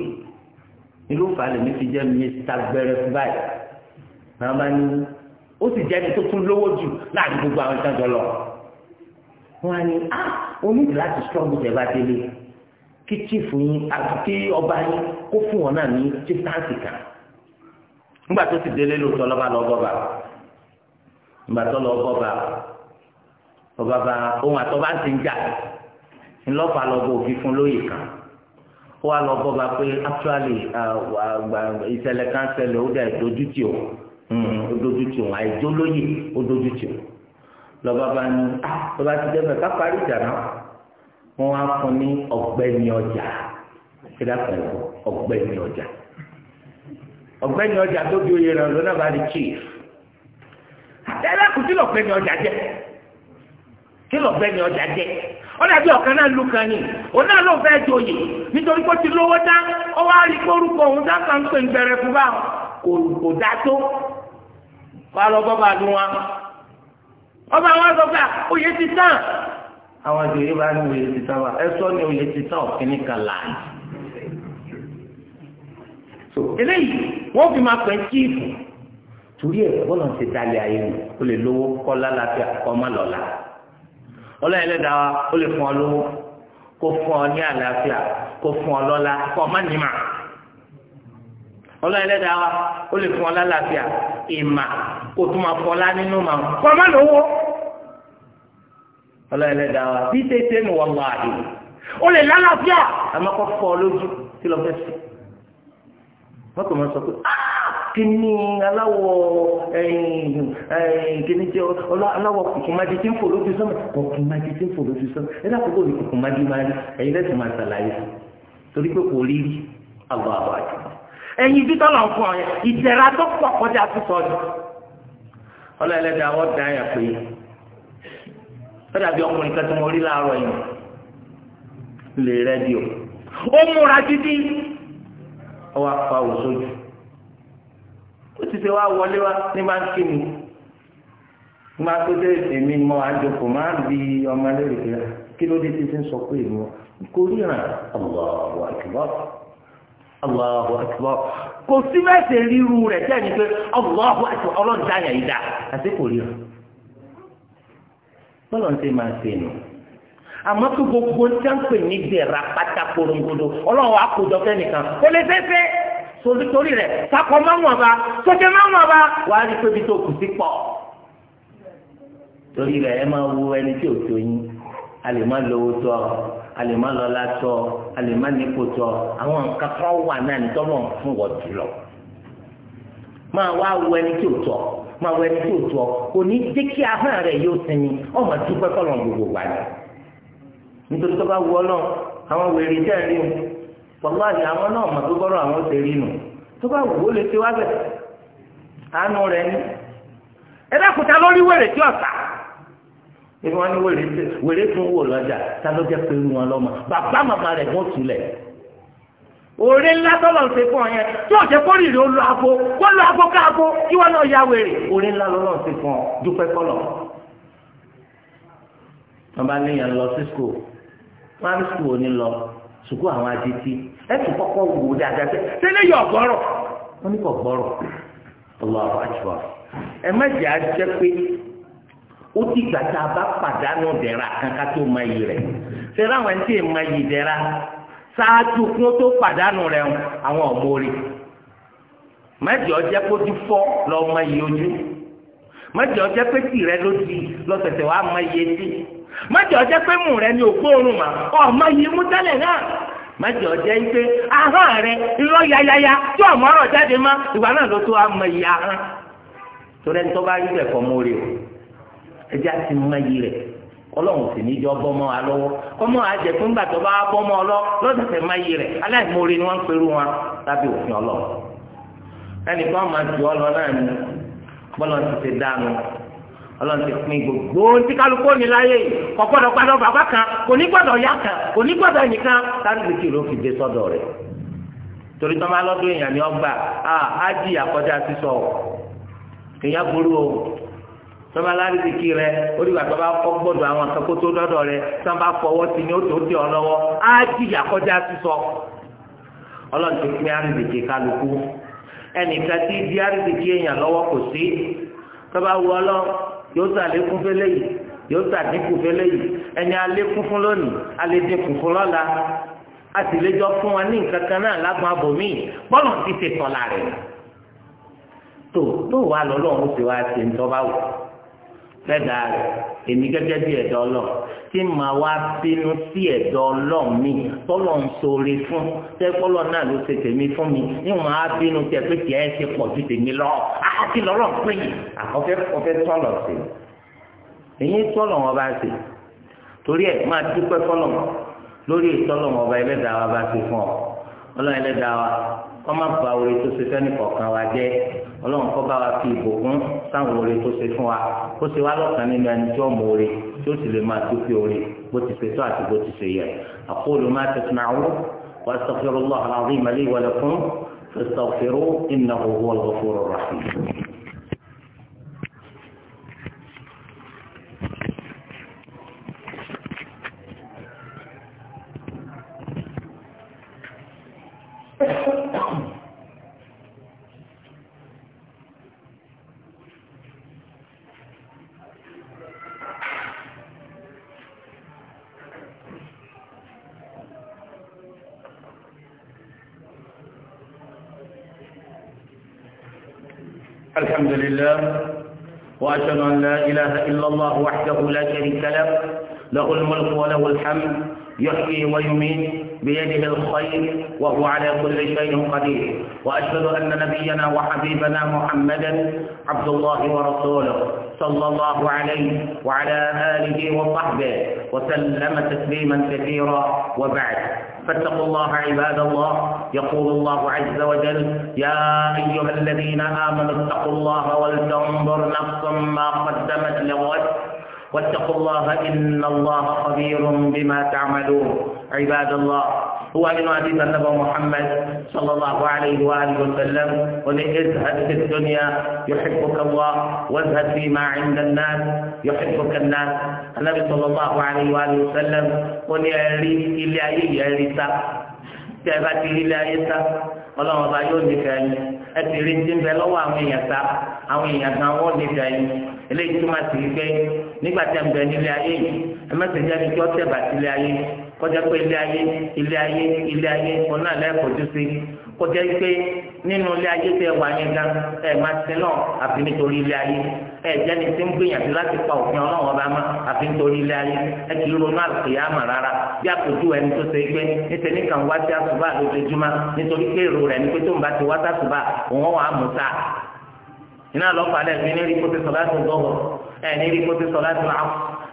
ìlú falẹ̀ mi fi jẹ́ mr gbẹrẹ fún báyìí àwọn bá ní ó sì jẹ́ ẹni tó tún lówó jù láàrin gbogbo àwọn ìtàjọ lọ wọn á ní ah onídìí láti strong jẹ bá délé kí chief yín àti kí ọba yín kó fún wọn náà ní títáǹsì kan nígbà tó ti délé lóòótọ́ lọ́ba lọ bọ́ba nígbà tó lọ bọ́ba ọba bá ohun àtọ́ba ti ń jà ńlọ́pàá lọ́ba òfin fún lóye kan ó wá lọ pé actually ìṣẹ̀lẹ̀ kan ṣẹlẹ̀ ó dẹ̀ dojútì o hmm, dojútì o àìjó lóye ó dojútì o lọ́ba bá ní ah, lọ́ba ti dẹ́fẹ̀ ká parí ìjà náà wọ́n á fún ní ọ̀gbẹ́ni ọjà. kíláà kan ọ̀gbẹ́ni ọjà ọgbẹni ọjà tó bí oyè rẹ̀ lọ́nà bá di chief ẹlẹ́ kùtì ọjà jẹ kí ọjà jẹ́ náà kan ni náà nítorí pé ó ti lówó dá òun dá kan pé fún kò dá tó wà lọ ọba sọ pé oyè ti tán àwọn àjòyè bá ní oyè ti tán wa so eléyìí wọ́n fi máa pẹ́ chíìfù torí ẹ̀ bọ́lá ti dalẹ̀ ayé mi ó lè lówó kọ́ lálàáfíà kọ́ má lọ́la ọlọ́yìn lẹ́dà wa ó lè fún ọ lówó kó fún ọ ní àlàáfíà kó fún ọ lọ́la kọ́ ọ má nìmà ọlọ́yìn lẹ́dà wa ó lè fún ọ lálàáfíà ìmà kó tó máa fọlá nínú màá kọ́ ọ má lówó ọlọ́yìn lẹ́dà wa bí tètè nù wọ́n lọ àdé ó lè lálàáfíà àmọ́ kọ́ fọ́ ọ lójú kí lọ́ fẹ́ sùn wọ́n kò máa sọ pé ah, kíní aláwọ̀ kíní jẹ́ aláwọ̀ kùkùnmájí tí ń fò lójú sọ́mọ̀ kùkùnmájí tí ń fò lójú sọ́mọ̀ ẹ dákòókò ní kùkùnmájí máa rí ẹ̀yin lẹ́sìn máa ṣàlàyé torí pé kò rí àgbà àbọ̀ àjọ ẹ̀yin ibi tọ́lọ̀ ń fún ọ yẹn ìjẹ̀ra tó pọ̀ kọjá tó sọ ọdún ọlọ́ọ̀lẹ́dàá wọ́n dá yà pé ó dàbí ọkùnrin kan tí mo rí láàárọ̀ yìí lè rẹ́díò ó múra títí ọwọ́ apá òṣojú ó ti ṣe wá wọlé wá ní máa ń má tó dé èmi mọ bi ọmọ rẹ kí ló dé tí ti ń sọ pé kò Allahu akbar Allahu akbar kò sí mẹ́sẹ̀ ríru rẹ̀ sẹ́ni pé Allahu akbar yìí dá àti àmọ́ kí gbogbo jáǹpẹ̀ ní dẹ̀ra pátá korongodo ọlọ́run àkójọ fẹ́nìkan kò lè fẹ́fẹ́ torí rẹ̀ sakọ máwọn ọba sọjẹ máwọn ọba wàá rí pé ibi tó kù sí pọ̀ torí rẹ̀ ẹ máa wo ẹni tí ò tó yín a lè má lówó tó ọ a lè má lọ́lá tó ọ a lè má nípò tó ọ àwọn nǹkan kan wà náà ní tọ́lọ̀ fún wọ́n jùlọ máa wá wo ẹni tí ò tó máa wo ẹni tí ò tó kò ní jẹ́ kí ahọ́n rẹ̀ yóò sinmi ọmọ dúpẹ́ kọ́ lọ́n gbogbo wà ní nítorí tó bá wọ náà àwọn wèrè jẹ́ rí o pọ̀lá ni àwọn náà mọ̀ tó bọ́rọ̀ àwọn ṣe rí nù tó bá wò ó lè ṣe wá bẹ̀ àánú rẹ̀ ni ẹ dákúta lórí wèrè tí ọ̀sà ìwọ ni wèrè tún wò lọ́jà ta ló jẹ́ pé wọn lọ́mọ bàbá màmá rẹ̀ wọ́n túlẹ̀ òrè ńlá tọ́lọ̀ ń ṣe fún ọ yẹn tí òjẹ́ kórì rè ó lọ abo kó lọ abo ká abo kí wọ́n náà ya wèrè òrè ńlá lọ́lọ́ ń ṣe fún ọ dúpẹ́ kọ́lọ̀ wọn bá níyàn lọ sí school wọn á rí sùkúù òní lọ sùkúù àwọn adití ẹ tún kọ́kọ́ wò dáadáa pé tẹ́lẹ̀ yọ ọ̀gbọ́rọ̀ wọn ní kò gbọ́rọ̀ ọlọ́wọ́ àjọ ẹ má jẹ́ àjẹ́ pé ó ti gbà tá a bá pàdánù dẹ̀ra kan ká tó mọ iyì rẹ̀ fẹ́rẹ́ àwọn ẹni tí ì mọ iyì ṣáájú kí tó pàdánù rẹ̀ àwọn ọ̀mọ́rẹ́ mẹ́jọ jẹ́ kó ti fọ́ lọ́ọ́ mọ iyì ojú. mọ́jọ́ ọjọ́ pé tì rẹ ló di lọ́sẹ̀sẹ̀ wàá mọ iye sí mọ́jọ́ ọjọ́ pé mú rẹ ní a mà ọmọ iye mú tẹ́lẹ̀ náà mọ́jọ́ ọjọ́ pé ahọ́n rẹ yayaya tí ọmọ ọ̀rọ̀ jáde má ìgbà náà ló tó wàá mọ iye ahọ́n torí ẹni tó bá o ẹjẹ́ àti mọ iye rẹ̀ ọlọ́run sì níjọ́ bọ́mọ́ wa lọ́wọ́ kọ́mọ́ àjẹ fún gbà tó bá bọ́mọ́ ọlọ́ bọ́lọ̀ ti ti dànù ọlọ́run ti pín gbogbo tí kálukú ní láyé kò bàbá kan kò ní gbọ́dọ̀ ya kan kò ní gbọ́dọ̀ ẹnìkan sáńdìkì ló fi dé sọ́dọ̀ rẹ̀ torí tọ́mọ alọ́dún èèyàn ni ọgbà á jì àkọjá sísọ burú o rẹ oríwà tó bá gbọ́dọ̀ àwọn akẹ́kọ̀ọ́ tó dọ́dọ̀ rẹ tí wọ́n bá fọwọ́ sí ni ó tó dé ọ lọ́wọ́ á jì àkọjá sísọ ọlọ́run ti ẹnìkan tí di àrídìkì èèyàn lọ́wọ́ kò sí tọ́ba wọ ọlọ́ yóò sàlékún fẹ́lẹ́ yìí yóò sàdínkù fẹ́lẹ́ yìí ẹni alékún fún lónìí alédínkù fún lọ́la a sì lè jọ fún wa ní nǹkan kan náà lágbọn abòmí bọ́ọ̀lù ti ṣe tọ́la rẹ̀ tó tó wà lọ́lọ́run ó ti wá ṣe ń tọ́ba wò lẹ́dàá rẹ̀ èmi gẹ́gẹ́ bí ẹ̀dọ́ ọlọ́run tí màá wá bínú sí ẹ̀dọ́ ọlọ́run mi tọ́lọ̀ ń sọre fún tẹ́kọ́lọ́ náà ló ṣe tèmi fún mi ní màá bínú tẹ pé kìí ẹ̀ ṣe pọ̀ ju tèmi lọ àti lọ́rọ̀ pé àkọ́fẹ́ ọ̀fẹ́ tọ́lọ̀ sí èyí tọ́lọ̀ wọn bá ṣe torí ẹ̀ máa dúpẹ́ fọ́lọ̀ lórí ìtọ́lọ̀ wọn bá ẹlẹ́dàá wa bá ṣe fún ọ ọlọ́run ẹlẹ́dàá wa kọ́ má ba orí tó ṣe fẹ́ nìkọ̀ọ̀kan wa jẹ́ ọlọ́run kọ́ bá wa fi ìbùkún sáwọn orí tó ṣe fún wa kó ṣe wá lọ́kàn nínú ẹni tí ó mú orí tí ó sì lè máa tó fi bó ti ṣe tó àti bó ti ṣe yẹ àkóòlù má tasma'un wa astaghfirullah al-azim li wa lakum fastaghfiruhu innahu huwal ghafurur rahim. الحمد لله وأشهد أن لا إله إلا الله وحده لا شريك له له الملك وله الحمد يحيي ويميت بيده الخير وهو على كل شيء قدير وأشهد أن نبينا وحبيبنا محمدا عبد الله ورسوله صلى الله عليه وعلى آله وصحبه وسلم تسليما كثيرا وبعد فاتقوا الله عباد الله يقول الله عز وجل يا أيها الذين آمنوا اتقوا الله ولتنظر نفس ما قدمت لغد واتقوا الله إن الله خبير بما تعملون عباد الله هو من حديث النبي محمد صلى الله عليه وآله وسلم قل اذهب في الدنيا يحبك الله واذهب فيما عند الناس يحبك الناس النبي صلى الله عليه وآله وسلم قل يري إلى أي يريتا تبتي إلى أيتا ọlọ́run ọba yóò nífẹ̀ẹ́ yín ẹ ti rí ti ń bẹ lọ́wọ́ àwọn èèyàn ta àwọn èèyàn kan wọ́n nífẹ̀ẹ́ yín eléyìí túmọ̀ sí pé nígbà tí a ń bẹ nílé ayé yìí ẹ má ṣe jẹ́ kí ọtẹ bá sílé ayé kọjá pé ilé ayé ilé ayé ilé ayé ọ̀nà lẹ́ẹ̀kọ́jú sí kọjá pé nínú ilé ayé tẹ wà yẹn gan ẹ má sin náà àfi nítorí ilé ayé ẹ jẹ́ni tí ń gbìyànjú láti pa òfin ọlọ́run ọba má àfi nítorí ilé ayé ẹ kì í ronú àlùkìyámà rárá bí àpòjú ẹni tó ṣe pé níṣẹ́ nìkan wá sí àsùbà lójoojúmọ́ nítorí pé èrò rẹ̀ ni pé tó ń bá ti wá sásùbà òun wà á mú sáà iná lọ́pàá dẹ̀ ní rí kó ti sọ láti lọ́wọ́ ẹ̀ ní rí kó ti sọ láti lọ́wọ́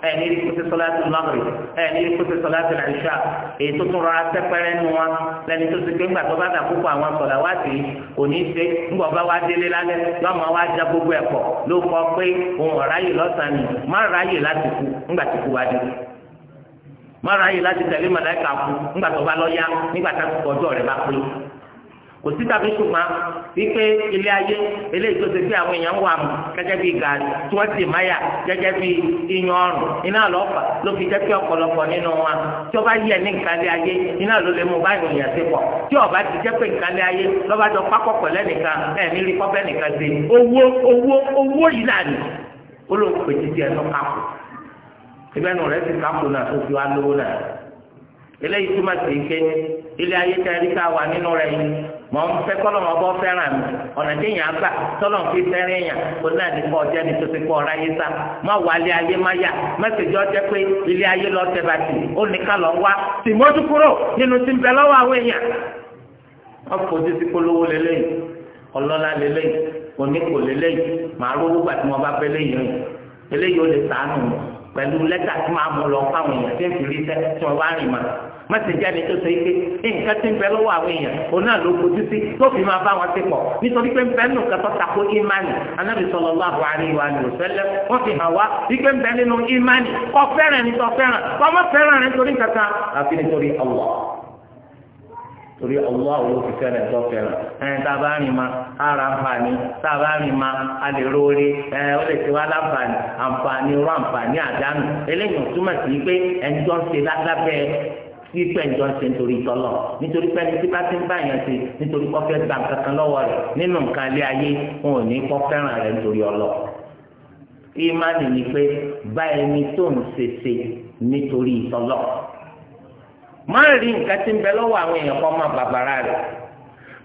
ẹ̀ ní rí kó ti sọ láti lọ́wọ́ ẹ̀ ní rí kó ti sọ láti làṣà èyí tó tún rọra tẹ́pẹ́rẹ́ nu wọn lẹ́ni tó ti pé ńgbà tó bá dà púpọ̀ àwọn sọ̀dà wá sí kò ní ṣe ńgbà bá wá délé lálẹ́ lọ́mọ wá já gbogbo ẹ̀pọ̀ ló kọ pé òun ọ̀ráyè lọ́sàn ni má ráyè láti kú ńgbà kò sí tàbí ṣùgbọ́n wípé ilé ayé eléyìí tó ṣe bí àwọn èèyàn wà mú gẹ́gẹ́ bí gàrí tí wọ́n sì máyà gẹ́gẹ́ bí iyan ọrùn iná lọ́fà ló fi jẹ́ kí ọ̀pọ̀lọpọ̀ nínú wa tí ọba yẹ ní nǹkanlé ayé iná ló lè mú báyìí òyìn àti pọ̀ tí ọba ti jẹ́ pé nǹkanlé ayé lọ́ba jọ pákọ̀ pẹ̀lẹ́ nìkan ẹ̀ nílí kọ́fẹ́ nìkan ṣe owó owó owó yìí náà ni olóòpè títí ẹ̀ lọ́ eléyìí túmọ̀ sí ike ilé ayé tẹ ẹni tá a wà nínú rẹ yìí mọ n fẹ kọlọ wọn bọ fẹ́ràn mi ọ̀nà tí yàn á gbà tọ́lọ̀ ń fi fẹ́ràn yàn kó náà ní kọ́ ọjọ́ ní tuntun kọ́ ọ̀rá yé sá má wà ilé ayé má yà mẹ́sàgì ọjọ́ pé ilé ayé lọ tẹ bàtì ó ní ká lọ wá tì mọ́tò kúrò nínú tí ń bẹ lọ́wọ́ àwọn èèyàn. wọ́n fojú sí polówó lélẹ́yìn ọlọ́lá lélẹ́yìn oníkò lélẹ́yìn màálù owó gbà tí bá fẹ́ lẹ́yìn eléyìí ó mọ́tẹ́jà ni tó sọ yìí pé nǹkan ti ń bẹ lọ́wọ́ àwọn èèyàn òun náà ló fojú sí tó fi máa bá wọn ti pọ̀ nítorí pé nbẹ nù kẹtọ́ tako ìmánì anábì sallallahu alaihi wa sallam wọ́n fi hàn wá wípé nbẹ nínú ìmánì kọ́ fẹ́ràn ní tọ́ fẹ́ràn kọ́ mọ́ fẹ́ràn ní torí kankan àfi nítorí Allah torí ọlọ́ àwọn òfìfẹ́ rẹ̀ tó fẹ́ràn ẹni tá a bá rìn ma ara àǹfààní tá a bá rìn ma a lè róore ẹ ó lè ti wá láǹfààní àǹfààní rọ àǹfààní àdánù eléyìí ò túmọ̀ sí pé ẹni ń ṣe lágbàbẹ́ pípẹ́ ìjọ ṣe nítorí tọ́lọ̀ nítorí pé ẹni tí bá ti ń bá yẹn ṣe nítorí kọ́ fẹ́ gba nǹkan kan lọ́wọ́ rẹ̀ nínú nǹkan ilé ayé wọn ò ní kọ́ fẹ́ràn rẹ̀ nítorí ọlọ́ ìmánì ni pé bá ẹni tó ń ṣe ṣe nítorí tọ́lọ̀ má rí nǹkan tí ń bẹ lọ́wọ́ àwọn èèyàn kan má bàbàrà rẹ̀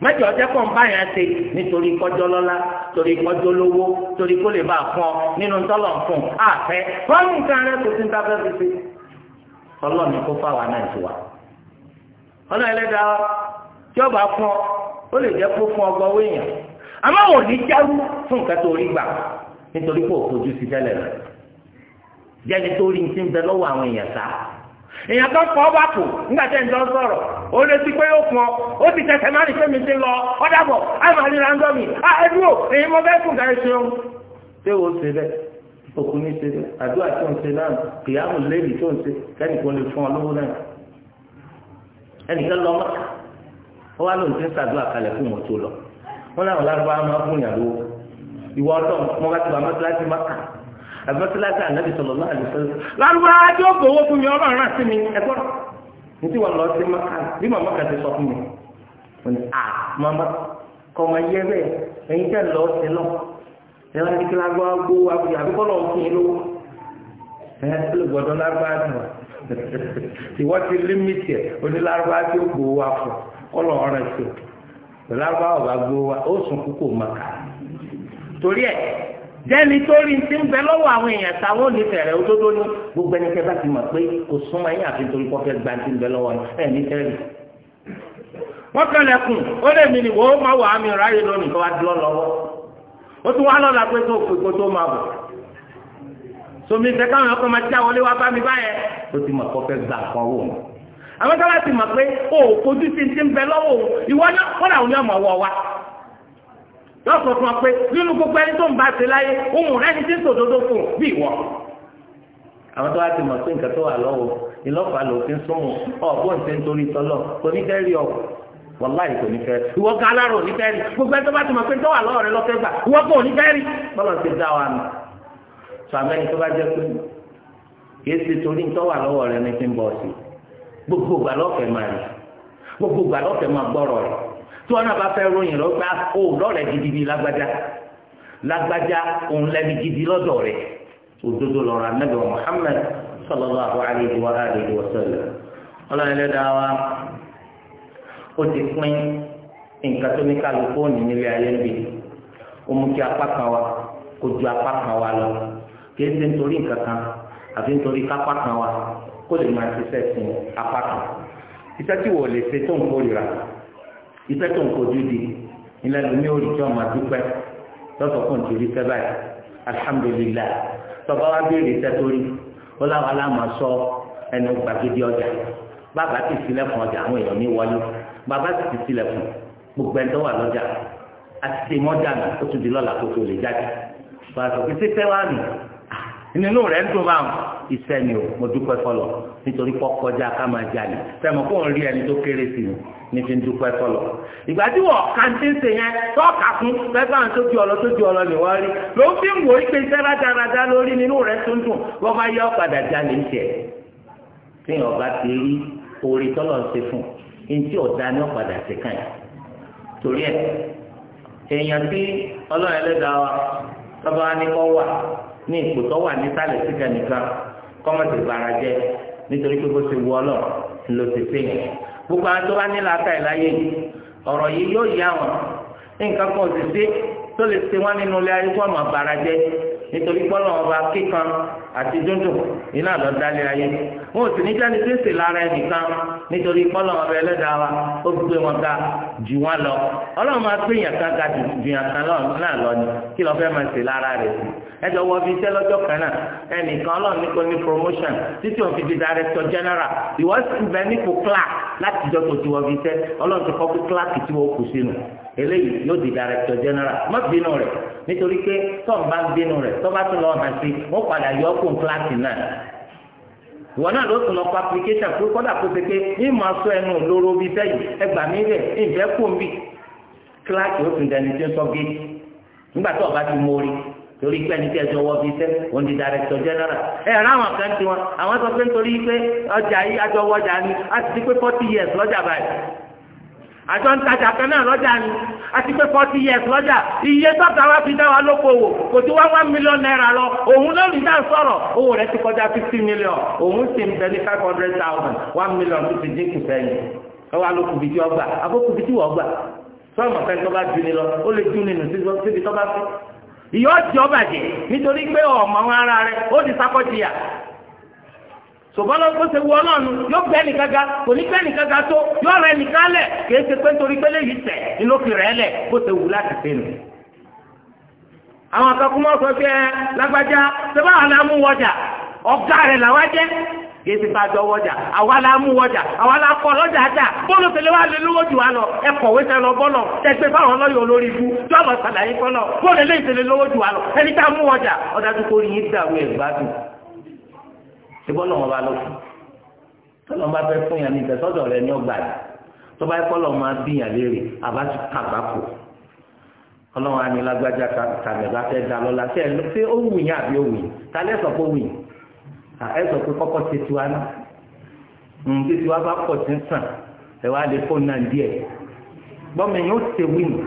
mẹ́jọ ọjọ́ kọ ń bá yẹn ṣe nítorí kọjọ lọ́lá torí kọjọ lówó torí kó lè bá a fún ọ nínú tọ́lọ̀ fún àfẹ́ wọn nǹkan rẹ kò sí ní tá a fẹ́ fi ṣe. ọlọ́run ní kó fáwa náà ti wà. tí ọba fún ọ ó lè jẹ́ kó fún ọgbọ́n owó èèyàn ní járú fún nǹkan tó rí gbà nítorí pé òfojú sí tẹ́lẹ̀ rẹ̀ jẹ́ni tó rí ti ń bẹ lọ́wọ́ àwọn èèyàn sá èèyàn kan ọ ó ti tẹsẹ̀ má ní ti lọ àìmọ̀ èyí mo fẹ́ fún gàrí okùnrin ṣe àdúrà tí ó ń ṣe náà kìyàmù lẹ́yìn tó ń ṣe kẹ́nìkan lè fún ọ lówó náà ẹnìkan lọ mọ́ta ó wá lóun ti ń ṣàdúrà kalẹ̀ fún wọn tó lọ wọn náà lárúbá máa fún yàn lówó ìwọ ọdún mo bá ti bá mọ́tíláṣí mọ́ta àbẹ́tíláṣí ànábì sọ̀rọ̀ náà lè sọ́dọ̀ lárúbá tí ó gbowó fún mi ọlọ́run àti mi ẹgbọ́n ní tí wọn lọ sí mọ́ta bí màmá kan ti ẹ wá ní kí lágbó agbó àbí àbíkọ́ lọ fún yín lówó ẹ ló gbọ́dọ̀ lágbá nù ìwọ ti límìtì ẹ onílárúbá tí ó gbowó wa fún kọlọ ọ̀rọ̀ ẹsẹ lárúbá ọba gbowó wa ó sùn kúkò màkà torí ẹ jẹ́ni tó rí ti ń bẹ lọ́wọ́ àwọn èèyàn táwọn onífẹ̀ẹ́ rẹ̀ òdodo ni gbogbo ẹni tẹ́ bá ti mọ̀ pé kò súnmọ́ yín àfi nítorí kọ́fẹ́ gba ti ń bẹ lọ́wọ́ ẹ̀ ní tẹ́lẹ̀. wọ́n kẹlẹ̀kùn ó lè mi nìwọ́ máa wà á mi ráyè lónìí kó wá dúró lọ́wọ́ ó tún wá lọ́la pé tó kò tó máa bọ̀ somi fẹ́ káwọn ọkọ máa já wọlé wá bá mi báyẹn ó ti mọ̀ kọ́ fẹ́ gbà kan wò mọ́ àwọn sábà ti mọ̀ pé o ò fojú sí ti ń bẹ lọ́wọ́ o ìwọ ní wọ́n làwọn yóò mọ̀ wọ́ wa yóò sọ fún ọ pé nínú gbogbo ẹni tó ń bá ṣe láyé ohun rẹ ti ti ń sòdodo fún bí ìwọ àwọn tó wá ti mọ̀ pé nǹkan tó wà lọ́wọ́ ìlọ́pàá lòfin súnmù ọ̀gbọ́n wàláhì kò ní fẹ́ rí ìwọ gan alárò ò ní fẹ́ rí gbogbo ẹjọ́ bá ti mọ̀ pé ń tọ́wà lọ́wọ́ rẹ lọ́fẹ́ gbà ìwọ gan ò ní fẹ́ rí bọ́lá ti dá wa nù sọ àmẹ́ni tó bá jẹ́ pé kìí ṣe torí ń tọ́wà lọ́wọ́ rẹ ní fi ń bọ̀ sí gbogbo ìgbà lọ́fẹ̀ẹ́ máa rí gbogbo ìgbà lọ́fẹ̀ẹ́ máa gbọ́rọ̀ rẹ tí wọn náà bá fẹ́ ròyìn lọ gbá ó lọ́rẹ̀ gidi bíi lágbájá lágbájá òun lẹ́bi Muhammad sallallahu alayhi wa alihi wa sallam ó ti pín nǹkan tó ní kálukú òní nílé ayé ń bì ó mú kí apá kan wa kó ju apá kan wa lọ kìí ṣe nítorí nǹkan kan àfi nítorí kápá kan wa kó lè máa ṣiṣẹ́ sin apá kan iṣẹ́ tí wò lè ṣe tó ń kórìíra iṣẹ́ tó ń kojú di ilé ẹlòmíì ò rí tí ọmọ dúpẹ́ lọ́sọ̀ fún ìtòrí sẹ́ báyìí alihamudulilayi tọ́ba wa béèrè iṣẹ́ tó ó láwọn aláàmọ̀ sọ ẹnu gbàgede ọjà bàbá ti sílẹ̀kùn ọjà àwọn èèyàn ní wọlé bàbá sì ti tilẹ̀kùn gbogbo ẹ̀ńtọ́ wà lọ́jà àti tè mọ́jà nà ó tún di lọ́la kó tó lè jáde bàtọ̀ pé ṣé fẹ́wàá nù nínú ah, rẹ̀ ń dùn bá wọn iṣẹ́ ni o mo dúpẹ́ fọlọ̀ nítorí pọ́ kọjá ká máa jalè sẹ́mi kó ń rí ẹni tó kéré sí i ní fi ń dúpẹ́ fọlọ̀ ìgbà tí wọ́n ká ń tí ń sè yẹn tọ́ka fún pẹ́pẹ́ àwọn sójú ọlọ sójú ọlọ ni wọ́n rí ló ń fi ń wò ó pé iṣẹ́ rádaràda lórí nínú rẹ̀ tó ń dùn wọ́n bá yẹ ọ̀padà jalè ń tẹ̀ tí yẹn ọba ti rí orí tọ́lọ̀ ń ṣe fún un ntí ọ̀dà ni ó padà sí kàn yìí torí ẹ̀ èèyàn tí ọlọ́run ẹlẹ́dàá wa tọ́ba wa ní kọ́ wà ní ipò tó wà nísàlẹ̀ síkà nìkan kọ́mọ̀tì bara jẹ́ nítorí pé bó ti wù ọlọ́run ló ti sèyìn gbogbo àwọn tó bá ní làákà ẹ̀ láyé ọ̀rọ̀ yìí yóò yá wọn nǹkan kan ò sì sí tó lè ṣe wọn nínú ilé ayé fọmọ bara jẹ nítorí pọ́nlọ́ ọba kíkan àti dúndùn iná lọ́ọ́ dálé ayé wọn ò sì ní jáde tó ń lára ẹnìkan nítorí kọ́lọ́mù ọbẹ̀ ẹlẹ́dàá wa ó gbé wọn ká jù wọn lọ ọlọ́run máa gbé yàn ká ga jù yàn kan náà lọ ni kí lọ́ọ́ fẹ́ máa ṣe lára rẹ̀ sí ẹjọ́ wọ fi iṣẹ́ lọ́jọ́ kan náà ẹnìkan ọlọ́run ní kò ní promotion títí òun fi di director general ìwọ sì bẹ nípò clark láti jọ tó ti wọ fi iṣẹ́ ọlọ́run ti kọ́ pé clark tí wọ́n kù sínú eléyìí yóò di director general má bínú rẹ̀ nítorí pé tọ́ọ̀ bá ń bínú rẹ̀ tọ́ bá tún lọ́ọ́ hàn sí wọ́n padà wọn náà ló tún lọ pa application pé kọ́dà kó ṣe pé ní màá sọ ẹnu lóró bíi sẹ́yìn ẹgbà mí rẹ̀ ìfẹ́ kò ń bì kíláàsì ó tún dẹni tí ń sọ géètì nígbà tó ọba ti mórí torí pé ẹni tí ẹjọ́ wọ bíi sẹ́ òun di director general ẹ ẹ ráwọn kan tiwọn àwọn sọ pé nítorí pé ọjà yìí àjọwọ́jà ni a ti di pé forty years lọ́jà báyìí àjọ ń tajà kan náà lọ́jà ni àti pé forty years lọ́jà iye tọ́ta wa fi dá wa lóko kò tí wọ́n one million naira lọ òun lórí náà sọ̀rọ̀ owó rẹ̀ ti kọjá fifty million òun sì ń bẹ ní five hundred thousand one million tó ti dínkù sẹ́yìn ẹ wá ló kùbí tí wọ́n gbà àbó kùbí tí wọ́n gbà sọ́ọ̀mù ọ̀fẹ́ tó sọ̀bọ́lọ́ tó ṣe wọ ọlọ́run yóò gbẹ́ ka ga kò ní gbẹ́ nìkan ga tó yóò rẹ nìkan lẹ̀ kìí ṣe pé nítorí pé léyìí tẹ̀ inú fi rẹ̀ lẹ̀ láti àwọn sọ pé ẹ lágbájá sọ́bà wọjà ọ̀gá rẹ̀ jọ wọjà la wọjà àwa lọ́jà dà bọ́ọ̀lù tẹ̀lé wa lè lówó jù wá lọ ẹ kọ̀wé tẹ lọ bọ́ọ̀lù a síbọ̀ lọ́wọ́ bá ló fún tọ́lọ́ bá fẹ́ fún yàn ní ìtẹ̀sọ́dọ̀ rẹ ní ọgbà yìí tó bá kọ́ lọ́ máa bí yàn léèrè àbá ti kàgbá kù ọlọ́wọ́ á ní lágbájá kàmẹ́ bá fẹ́ da lọ́la ṣé ṣé ó wù yín àbí ó wù yín kálẹ̀ sọ pé ó wù yín ẹ sọ pé kọ́kọ́ ṣe tiwa náà nǹkan tiwa bá pọ̀ sí sàn ẹ wá lè fóònù náà díẹ̀ gbọ́mọ yóò ṣe wí nù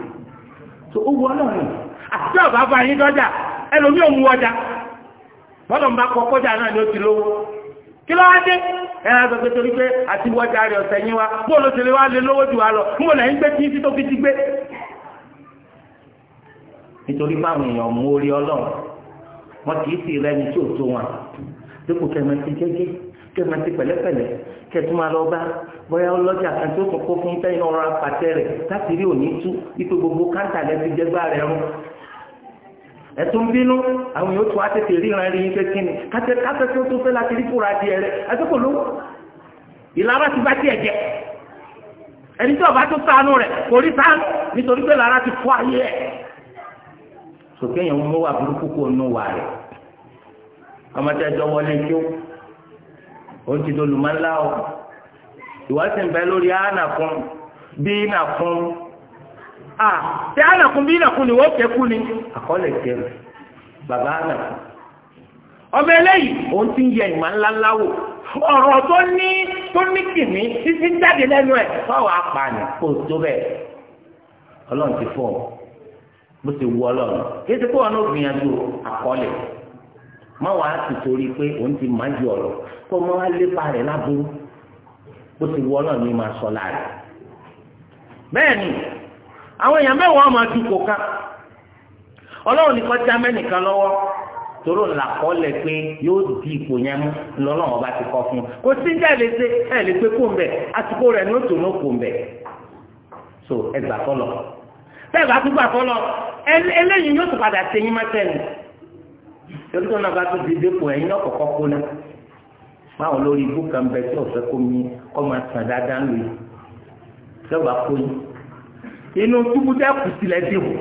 tó ó wù ọlọ́run àti bọ́dọ̀ ń bá kọ kọjá náà ni ó ti lówó kí ló wá dé ẹ ẹ gbẹgbẹ torí pé àti wọjà rẹ ọ̀sẹ̀ yín wa bó ló ti lè wá lé lówó jù wá lọ ń bò lẹ́yìn gbé tí tó fi ti gbé. nítorí báwọn èèyàn mú orí ọlọ́run wọn kì í sì rẹni tí ò tó wọn dípò kẹmẹ ti jẹ́jẹ́ kẹmẹ ti pẹ̀lẹ́pẹ̀lẹ́ kẹtù máa lọ bá bóyá ọlọ́jà kan tó kọ́kọ́ fún tẹ́yìn ọ̀rọ̀ apàtẹ rẹ̀ láti rí òní tú ipò gbogbo káńtà lẹ́ti jẹ́gbá rẹ̀ rún ẹ̀tún bínú àwọn yóò tún á tètè ríran rí yín kékin ni kátẹ kátẹ tó tún fẹ́ láti rí fúra di ẹ̀rẹ́ ẹ̀tún kò lówó ìlara ti bá tiẹ̀ jẹ ẹni tí ọba tó sànú rẹ̀ kò rí sànú nítorí pé lára ti fọ́ ayé ẹ̀ sòkè yẹn mú wà burúkú kó nù wà rẹ̀ ọmọdé ẹjọ́ wọlé kí ó ó ti dolùmọ́ ńlá o ìwádìí ń bẹ lórí àánà fún bí nà fún. a ànàkùn bí ni wọ́n kẹ́kù ni àkọọ́lẹ̀ jẹ́rù bàbá ànàkùn ọmọ eléyìí òun ti ń yẹ ìmọ̀ ńláńlá wò ọ̀rọ̀ tó ní tó ní kìíní títí jáde lẹ́nu ẹ̀ fáwọn apààyàn kò tó bẹ́ẹ̀ ọlọ́run ti fọ́ bó ti wù ọlọ́run kí ti kó wọn náà gbìyànjú àkọọ́lẹ̀ má wàá ti torí pé sọ àwọn èèyàn mẹ́wàá máa ju kò ká ọlọ́run nìkan já mẹ́nìkan lọ́wọ́ toro ńlá kọ́lẹ̀ pé yóò di ipò yẹn mú lọ́lọ́run ọba ti kọ́ fún un kò sí jẹ́ lè ṣe ẹ̀ lè pé kó ń bẹ̀ àsìkò rẹ̀ ní òtò ní kò ń bẹ̀ so ẹ gbà fọlọ bẹ́ẹ̀ bá tún gbà fọlọ eléyìí yóò tún padà ṣe yín mọ́tẹ́ni torí tó náà bá tún di dépò ẹ̀yìn náà kọ̀kọ́ kó náà máa lórí ibú kan bẹ tí ọ̀fẹ́ kó mi kọ́ máa sàn dáadáa lóyún tí ó bá kó yín inú túbú tẹ́ kù sílẹ̀ dì wò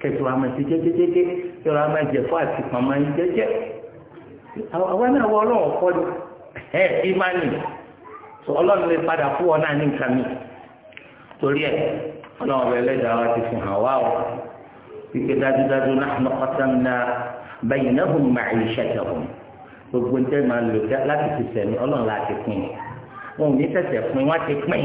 kẹtù àmọ̀ sí jẹ́jẹ́jẹ́jẹ́ yọrọ àmọ̀ ìjẹ̀fọ́ àti pàmò ìjẹ́jẹ́ àwọn náà wọ ọlọ́wọ́ kọ́ ni ẹ̀ ìmánì sọ ọlọ́run lè padà fún ọ náà ní nǹkan mi torí ẹ̀ ọlọ́run rẹ̀ lẹ́dàá wa ti fi hàn wá o wípé dájúdájú náà nọ́kọ́tà ńlá bẹ́yìn náà hùn máa ń ṣẹ̀ṣẹ̀ hùn gbogbo ń tẹ́ máa lò láti fi sẹ̀mí ọlọ́run láti pín wọn ò ní sẹ̀sẹ̀ pín wọ́n ti pín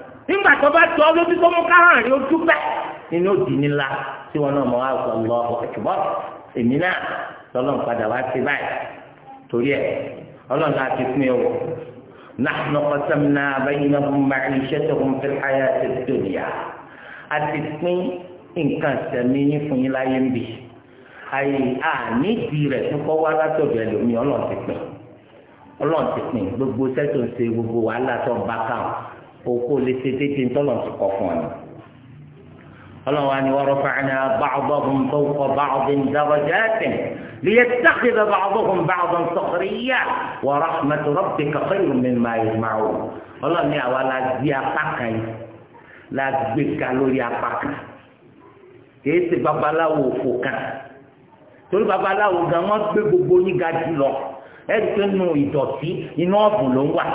nígbà tó bá tọ́ lójú tó mú káhàn rí ojú pẹ́ nínú òdì nílá tí wọn náà mọ wá sọ lọ ọ̀ṣùbọ̀ èmi náà lọ́lọ́n padà wá sí báyìí torí ẹ̀ ọlọ́run náà ti pín ẹ̀wọ̀ nahnu qasamna baynahum ma'ishatahum fil hayati dunya a ti pín nǹkan sẹ̀mí yín fún yín láyé ń bì àyè àníjì rẹ̀ tó kọ́ wá látọ̀dọ̀ ẹlòmíì ọlọ́run ti pín ọlọ́run pín gbogbo sẹ́tò ṣe gbogbo wàhálà tó ń bá káwọn òkú lè ṣe tètè ńtọ́lọ̀ ti kọ̀ fún ọ ọlọ́wà ni wọ́n rọ́fà ní báàbọ̀hùn tó kọ báàbọ̀hùn dáwọ́jáàtìn ليتخذ بعضهم بعضا سخريا ورحمة ربك خير مما يجمعون والله ni àwa la gbé apá kan yìí la gbé ka lórí apá kan kìí ṣe babaláwo òfò kan torí babaláwo gan wọn gbé gbogbo yín ga jù lọ ẹ tó nu ìdọ̀tí inú ọ̀bùn ló ń wà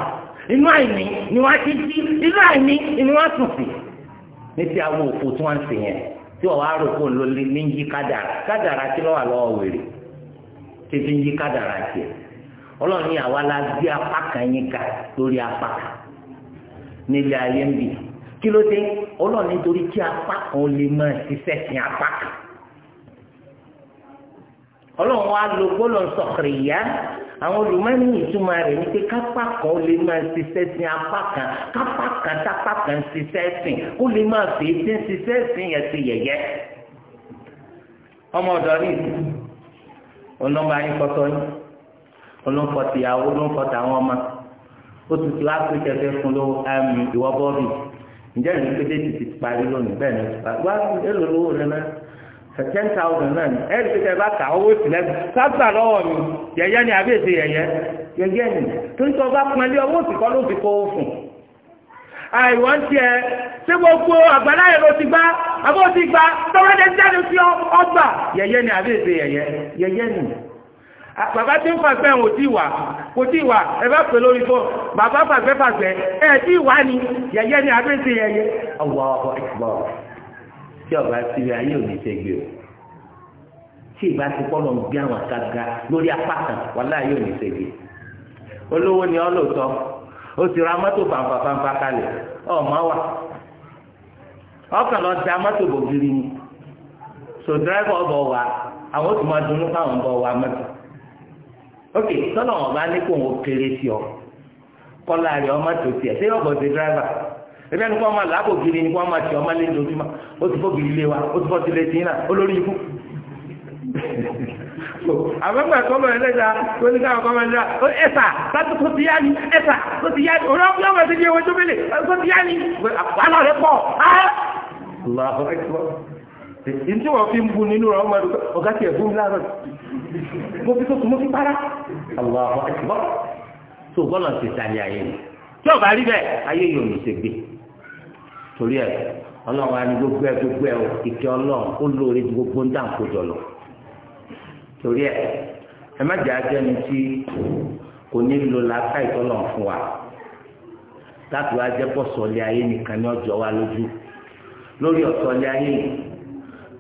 inú àìní ni wọ́n á ti jí inú àìní ni wọ́n á sùn sí. ní ti àwọn òfò tí wọ́n ń sìn yẹn tí wọ́n wá rò kó ló ní yí kádàrà kádàrà tí lọ́wọ́ lọ́wọ́ wèrè tí fi ń yí kádàrà tiẹ̀ ọlọ́run ní àwa la gbé apá kan yín ga lórí apá kan nílé ayé ń bì kí ló dé ọlọ́run nítorí kí apá kan lè máa ṣiṣẹ́ sin apá kan ọlọ́run wa lo gbọ́dọ̀ sọ̀kìrì yá àwọn olùmọ́ni ìtumọ̀ rẹ̀ ní pé kápá kan ó lè máa ṣiṣẹ́ sin apá kan kápá kan tápá kan ṣiṣẹ́ sìn ó lè máa fi ṣe ń ṣiṣẹ́ sìn yẹn ti yẹ̀yẹ́ ọmọ ọ̀dọ́ ní ìlú olóńgbà yín kọ́tọ́ yín olóńfọ̀ tìyàwó olóńfọ̀ tàwọn ọmọ ó ti ti wá pé kẹfẹ́ fún ló ìwọ bọ́ọ̀lù ǹjẹ́ ìrìn pété ti ti parí lónìí bẹ́ẹ̀ ni wá èlò lówó náà ten thousand náà ni ẹ̀rí pé tẹ́lẹ̀ bá kà owó sílẹ̀ sábà lọ́wọ́ mi yẹ̀yẹ́ ni àbí èsè yẹ̀yẹ́ yẹ̀yẹ́ ni torí tó bá pọn ilé owó òsìkọ́ ló fi kó o fún. àìwọ́ ń tiẹ̀ ṣé gbogbo àgbàlá yẹn ló ti gbá àbó ti gbá tọ́wọ́dé jáde sí ọgbà yẹ̀yẹ́ ni àbí èsè yẹ̀yẹ́ yẹ̀yẹ́ ni. bàbá tí ń fàgbẹ́ ò tí wà kò tí wà ẹ bá pè lórí fún bàbá fàgbẹ́ fàgbẹ́ ẹ̀ tí wà ni yẹ̀yẹ́ ni àbí èsè yẹ̀yẹ́ tí ọba síbi ayé ò ní ṣègbè o tí ìgbà tí kọ́ ló ń gbé àwọn gágá lórí apá kan wọlé ayé ò ní ṣègbè olówó ni ọ lóòótọ́ ó ti ra mọ́tò fanfanfanfa kalẹ̀ ọ̀ma wà ọkàn lọ da mọ́tò bògiri ni so dírẹ́fọ̀ bọ̀ wá àwọn tó máa dunú káwọn bọ̀ wá mọ́tò ok sọ́nà ọ̀bá ní kò ń kéré sí ọ kọ́lá rẹ̀ ọmọ tó tiẹ̀ sí ọ̀bọ̀ ti dírẹ́fà ẹbí ẹni kọ́ máa làákò gidi ni kọ́ máa tì ọmọ lé lórí ma ó ti fọ́ gidi lé wa ó ti fọ́ ti lé tì náà olórí ikú. àbẹ̀bẹ̀ kọ́ máa lẹ́jà tó ní káwọn kọ́ máa lẹ́jà ó ẹ̀sà láti kó ti yá ni ẹ̀sà kó ti yá ni òun náà máa ti di owó jóbélé kó ti yá ni àpàlọ́ rẹ̀ pọ̀ á. Ìtí wọ́n fi ń bu nínú ọmọ ọ̀gá tiẹ̀ fún mi láàárọ̀. Mo fi tó mo fi para. Àwọn àwọn àti bọ́. Tó bọ́lọ̀ ti ta ni ayé mi. Tí ọ̀gá rí bẹ́ẹ̀, ayé yóò ní ṣe torí ẹ ọlọ́run wa ni gbogbo ẹ gbogbo ẹ o ìkẹ́ ọlọ́run ó lóore ju gbogbo ń dàn kójọ lọ torí ẹ ẹ má jẹ́ ajẹ́ni tí kò ní lo làákà ìtọ́lọ̀ fún wa láti wá jẹ́ pọ̀ sọ̀lẹ̀ ayé nìkan ní ọjọ́ wa lójú lórí ọ̀sọ̀lẹ̀ ayé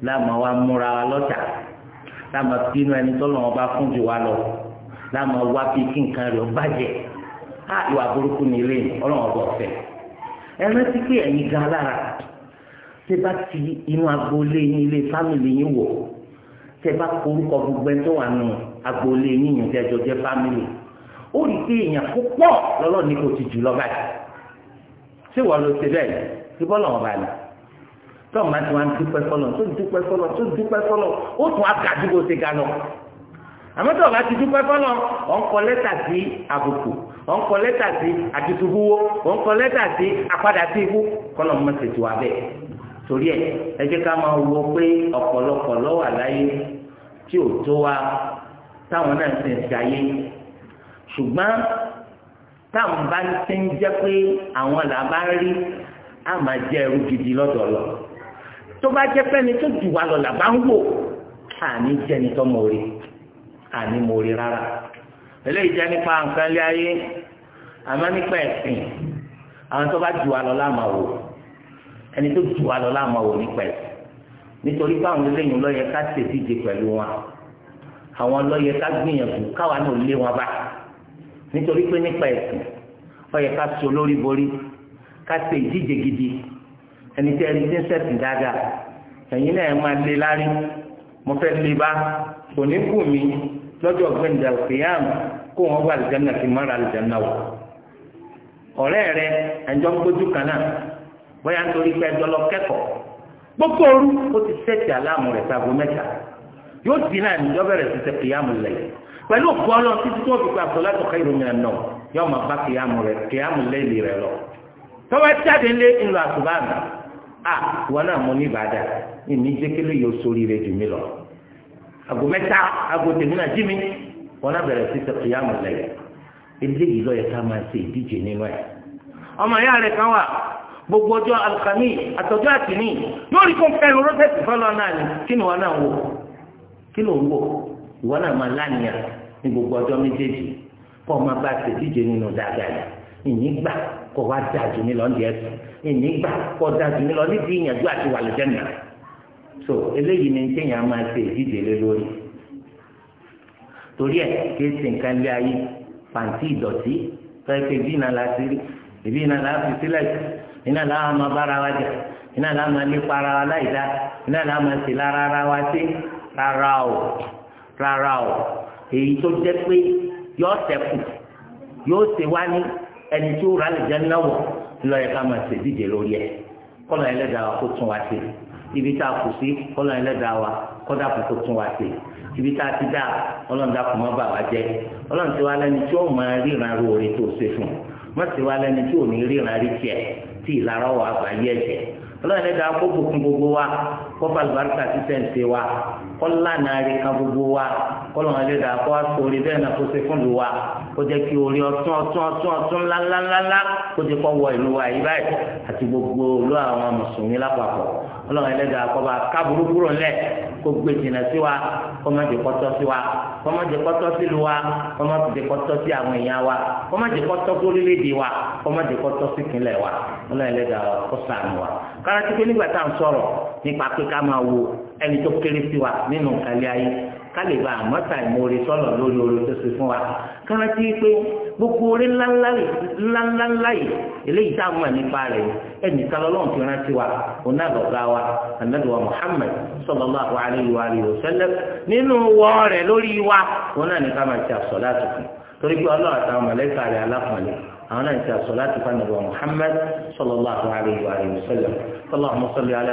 láàmú wa múra wa lọ́jà láàmú bínú ẹni tọ́lọ̀ wọn bá fún ju wa lọ láàmú wá bí kí nǹkan rẹ̀ bàjẹ́ á ìwà burúkú ní ọlọ́run ọ̀bọ̀ ọ̀fẹ́ ẹ rántí pé ẹ̀yin gan lára tẹ bá ti inú agboolé yín ilé fámìlì yín wọ̀ tẹ bá korúkọ gbogbo ẹni tó wà nù agboolé yín yìí jẹjọ jẹ fámìlì ó rí pé èèyàn púpọ̀ lọ́lọ́ ní kò ti jù lọ báyìí ṣé wọ́n lọ ṣe bẹ́ẹ̀ ṣé bọ́lá wọn bá ní tọ́ọ̀ máa ti dúpẹ́ fọlọ́ tó dúpẹ́ fọlọ́ tó dúpẹ́ fọlọ́ ó tún á ga ṣe ga lọ àmọ́tọ̀ bá ti dúpẹ́ fọ́lọ́ ọ̀n kọ lẹ́tà sí àbùkù ọ̀n kọ lẹ́tà sí àtìtúbúwó ọ̀n kọ lẹ́tà sí àpadà sí ikú kọ́lọ̀ mọ́ ṣètò abẹ́ torí ẹ̀ ẹ jẹ́ ká máa wọ pé ọ̀pọ̀lọpọ̀ ló wà láyé tí ò tó wa táwọn náà ti ń ṣayé ṣùgbọ́n táwọn bá ti ń jẹ́ pé àwọn là bá rí á máa jẹ́ ẹrú gidi lọ́dọ̀ lọ tó bá jẹ́ pẹ́ni tó jù wá lọ là ń wò àní mo rí rárá eléyìí jẹ́ nípa nǹkan lé ayé àmọ́ nípa ẹ̀sìn àwọn tó bá jù wá lọ láàmà wò ẹni tó jù wá lọ láàmà wò nípa ẹ̀sìn nítorí pé àwọn eléyìí ló yẹ ká tẹ̀síje pẹ̀lú wọn àwọn ló yẹ ká gbìyànjú káwa náà lé wọn bá nítorí pé nípa ẹ̀sìn ó ká so lórí borí ká ṣe ìdíje gidi ẹni tí ẹni tí ń sẹ̀sìn dáadáa ẹ̀yin náà ẹ̀ máa lé lárí mo fẹ́ lé bá kò ní kù mí lọ́jọ́ gbẹ̀ǹdà òkèèyàn kó wọn wà àlùjáná kí mọ́ra àlùjáná wọ̀ ọ̀rẹ́ rẹ ẹ̀jọ́ ń gbójú kan náà bóyá nítorí pé ẹjọ́ lọ kẹ́kọ̀ọ́ gbogbo ooru ó ti sẹ́ẹ̀tì aláàmù rẹ̀ sago mẹ́ta yóò dín náà níjọ́ bẹ̀rẹ̀ sí sẹ́ kìyàmù lẹ̀ pẹ̀lú òkú ọlọ́run títí tó fi pé àtọ́lájọ ká ìròyìn àná yóò máa bá kìyàmù rẹ̀ kìyàmù lẹ́lì rẹ̀ lọ tọ́wọ́ jáde lé ńlọ ah, rẹ̀ lọ. ago mẹta aago tèmi jí mi wọn náà bẹ̀rẹ̀ sí sẹ̀kìyàmù lẹ́yìn eléyìí lọ́yẹ ká máa ṣe ìdíje nínú ẹ̀ ọmọ ìyá rẹ̀ kan wà gbogbo àtìní lórí náà ni kí ni wọn náà wò kí wò ìwọ náà máa lánìyàn ní gbogbo ọjọ méjèèjì kó o máa bá ṣe ìdíje nínú dáadáa yìí ìnígbà kó wá dáa jù mí lọ ní ẹ̀sìn dáa jù mí lọ so eléyìí ni téèyàn máa ṣe ìdíje lé lórí torí ẹ kìí ṣe nǹkan lé ayé pàǹtí ìdọ̀tí fẹ́ẹ́ fi bí iná la sí rí ìbí iná la fi sílẹ̀ iná la máa bára wa jà iná la máa lépa ara wa láì iná la máa ṣe lára ara wa sí rárá o rárá o èyí tó jẹ́ pé yóò ṣẹ́kù yóò ṣe wá ní ẹni tí rà lè jẹ́ náwọ̀ lọ́yẹ̀ká máa ṣèdíje lórí ẹ̀ kọ́nà ẹlẹ́dàá kó tún wá sí ibi tá a kù sí ọlọ́run ẹlẹ́dàá wa kọ́dà kò tún wa sí ibi tá a ti dá ọlọ́run dàpọ̀ mọ́ bàbá jẹ́ ọlọ́run ti wá lẹ́ni tí ó máa ríran ro orí tó ṣe fún wọ́n ti wá lẹ́ni tí ò ní ríran rí tiẹ̀ tí ìlara wà bá yẹ̀ jẹ́ ọlọ́run ẹlẹ́dàá kó bùkún gbogbo wa kó falùbáríkà sí sẹ́ǹsì wa kó lánàá rí kan gbogbo wa kó lọ́run ẹlẹ́dàá kó wá sọ orí bẹ́ẹ̀ náà kó ṣe fún lu wa kó jẹ́ kí orí ọtún ọtún ọtún ọtún ńláńláńlá kó jẹ́ kó wọ ìlú wa yìí báyìí àti gbogbo olú àwọn mùsùlùmí lápapọ̀ ọlọ́run ẹlẹ́dàá akọba kábùrú kúrò ńlẹ̀ kó gbé jìnnà sí wa kọ́mọ̀dé kọ́tọ́ sí wa kọ́mọ̀dé kọ́tọ́ sílu wa kọ́mọ̀dé kọ́tọ́ sí àwọn èèyàn wa kọ́mọ̀dé kọ́tọ́ sórílẹ̀-èdè wa kọ́mọ̀dé kọ́tọ́ sí ìpínlẹ̀ wa ọlọ́run ẹlẹ́dàá kó ṣàánú wa. kára tí pé nígbà tá à ń sọ̀rọ̀ nípa pé ká máa wo ẹni tó kéré sí wa nínú kálí ayé kálíbà àmọ́ta ìmoore sọ́nà lórí oore tó ṣe fún wa kárántí pé gbogbo oore ńláńláńlá yìí eléyìí tá a mọ̀ nípa rẹ̀ ẹnìkan lọ́lọ́run ti rántí wa onáàlọ́gá wa anáàlọ́wà Muhammad sallallahu alaihi wa alihi wasallam nínú wọ́ rẹ̀ lórí wa onáàlọ́ká máa ti àsọ̀lá tuntun torí pé ọlọ́run àtàwọn mọ̀lẹ́kà rẹ̀ aláfọ̀lẹ́ أنا أنت صلاة فنبوى محمد صلى الله عليه وآله وسلم اللهم صل على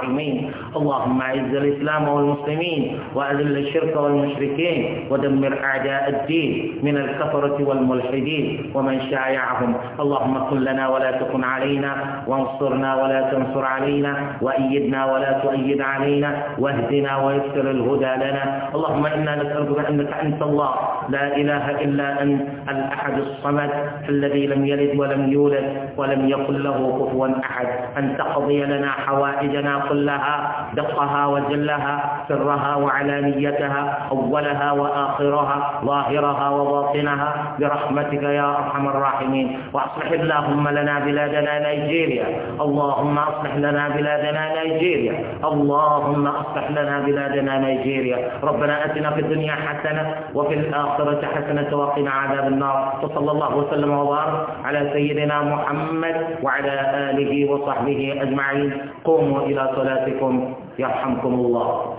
الراحمين اللهم أعز الإسلام والمسلمين وأذل الشرك والمشركين ودمر أعداء الدين من الكفرة والملحدين ومن شايعهم اللهم كن لنا ولا تكن علينا وانصرنا ولا تنصر علينا وأيدنا ولا تؤيد علينا واهدنا ويسر الهدى لنا اللهم إنا نسألك بأنك أنت الله لا إله إلا أنت الأحد الصمد الذي لم يلد ولم يولد ولم يكن له كفوا أحد أن تقضي لنا حوائجنا كلها دقها وجلها سرها وعلانيتها أولها وآخرها ظاهرها وباطنها برحمتك يا أرحم الراحمين وأصلح اللهم لنا بلادنا نيجيريا اللهم أصلح لنا بلادنا نيجيريا اللهم أصلح لنا بلادنا نيجيريا ربنا أتنا في الدنيا حسنة وفي الآخرة حسنة وقنا عذاب النار وصلى الله وسلم وبارك على سيدنا محمد وعلى آله وصحبه أجمعين قوموا إلى صلاة صلاتكم يرحمكم الله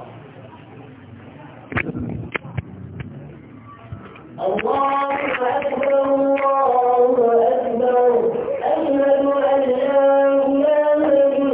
الله أكبر الله أكبر أشهد أن لا إله إلا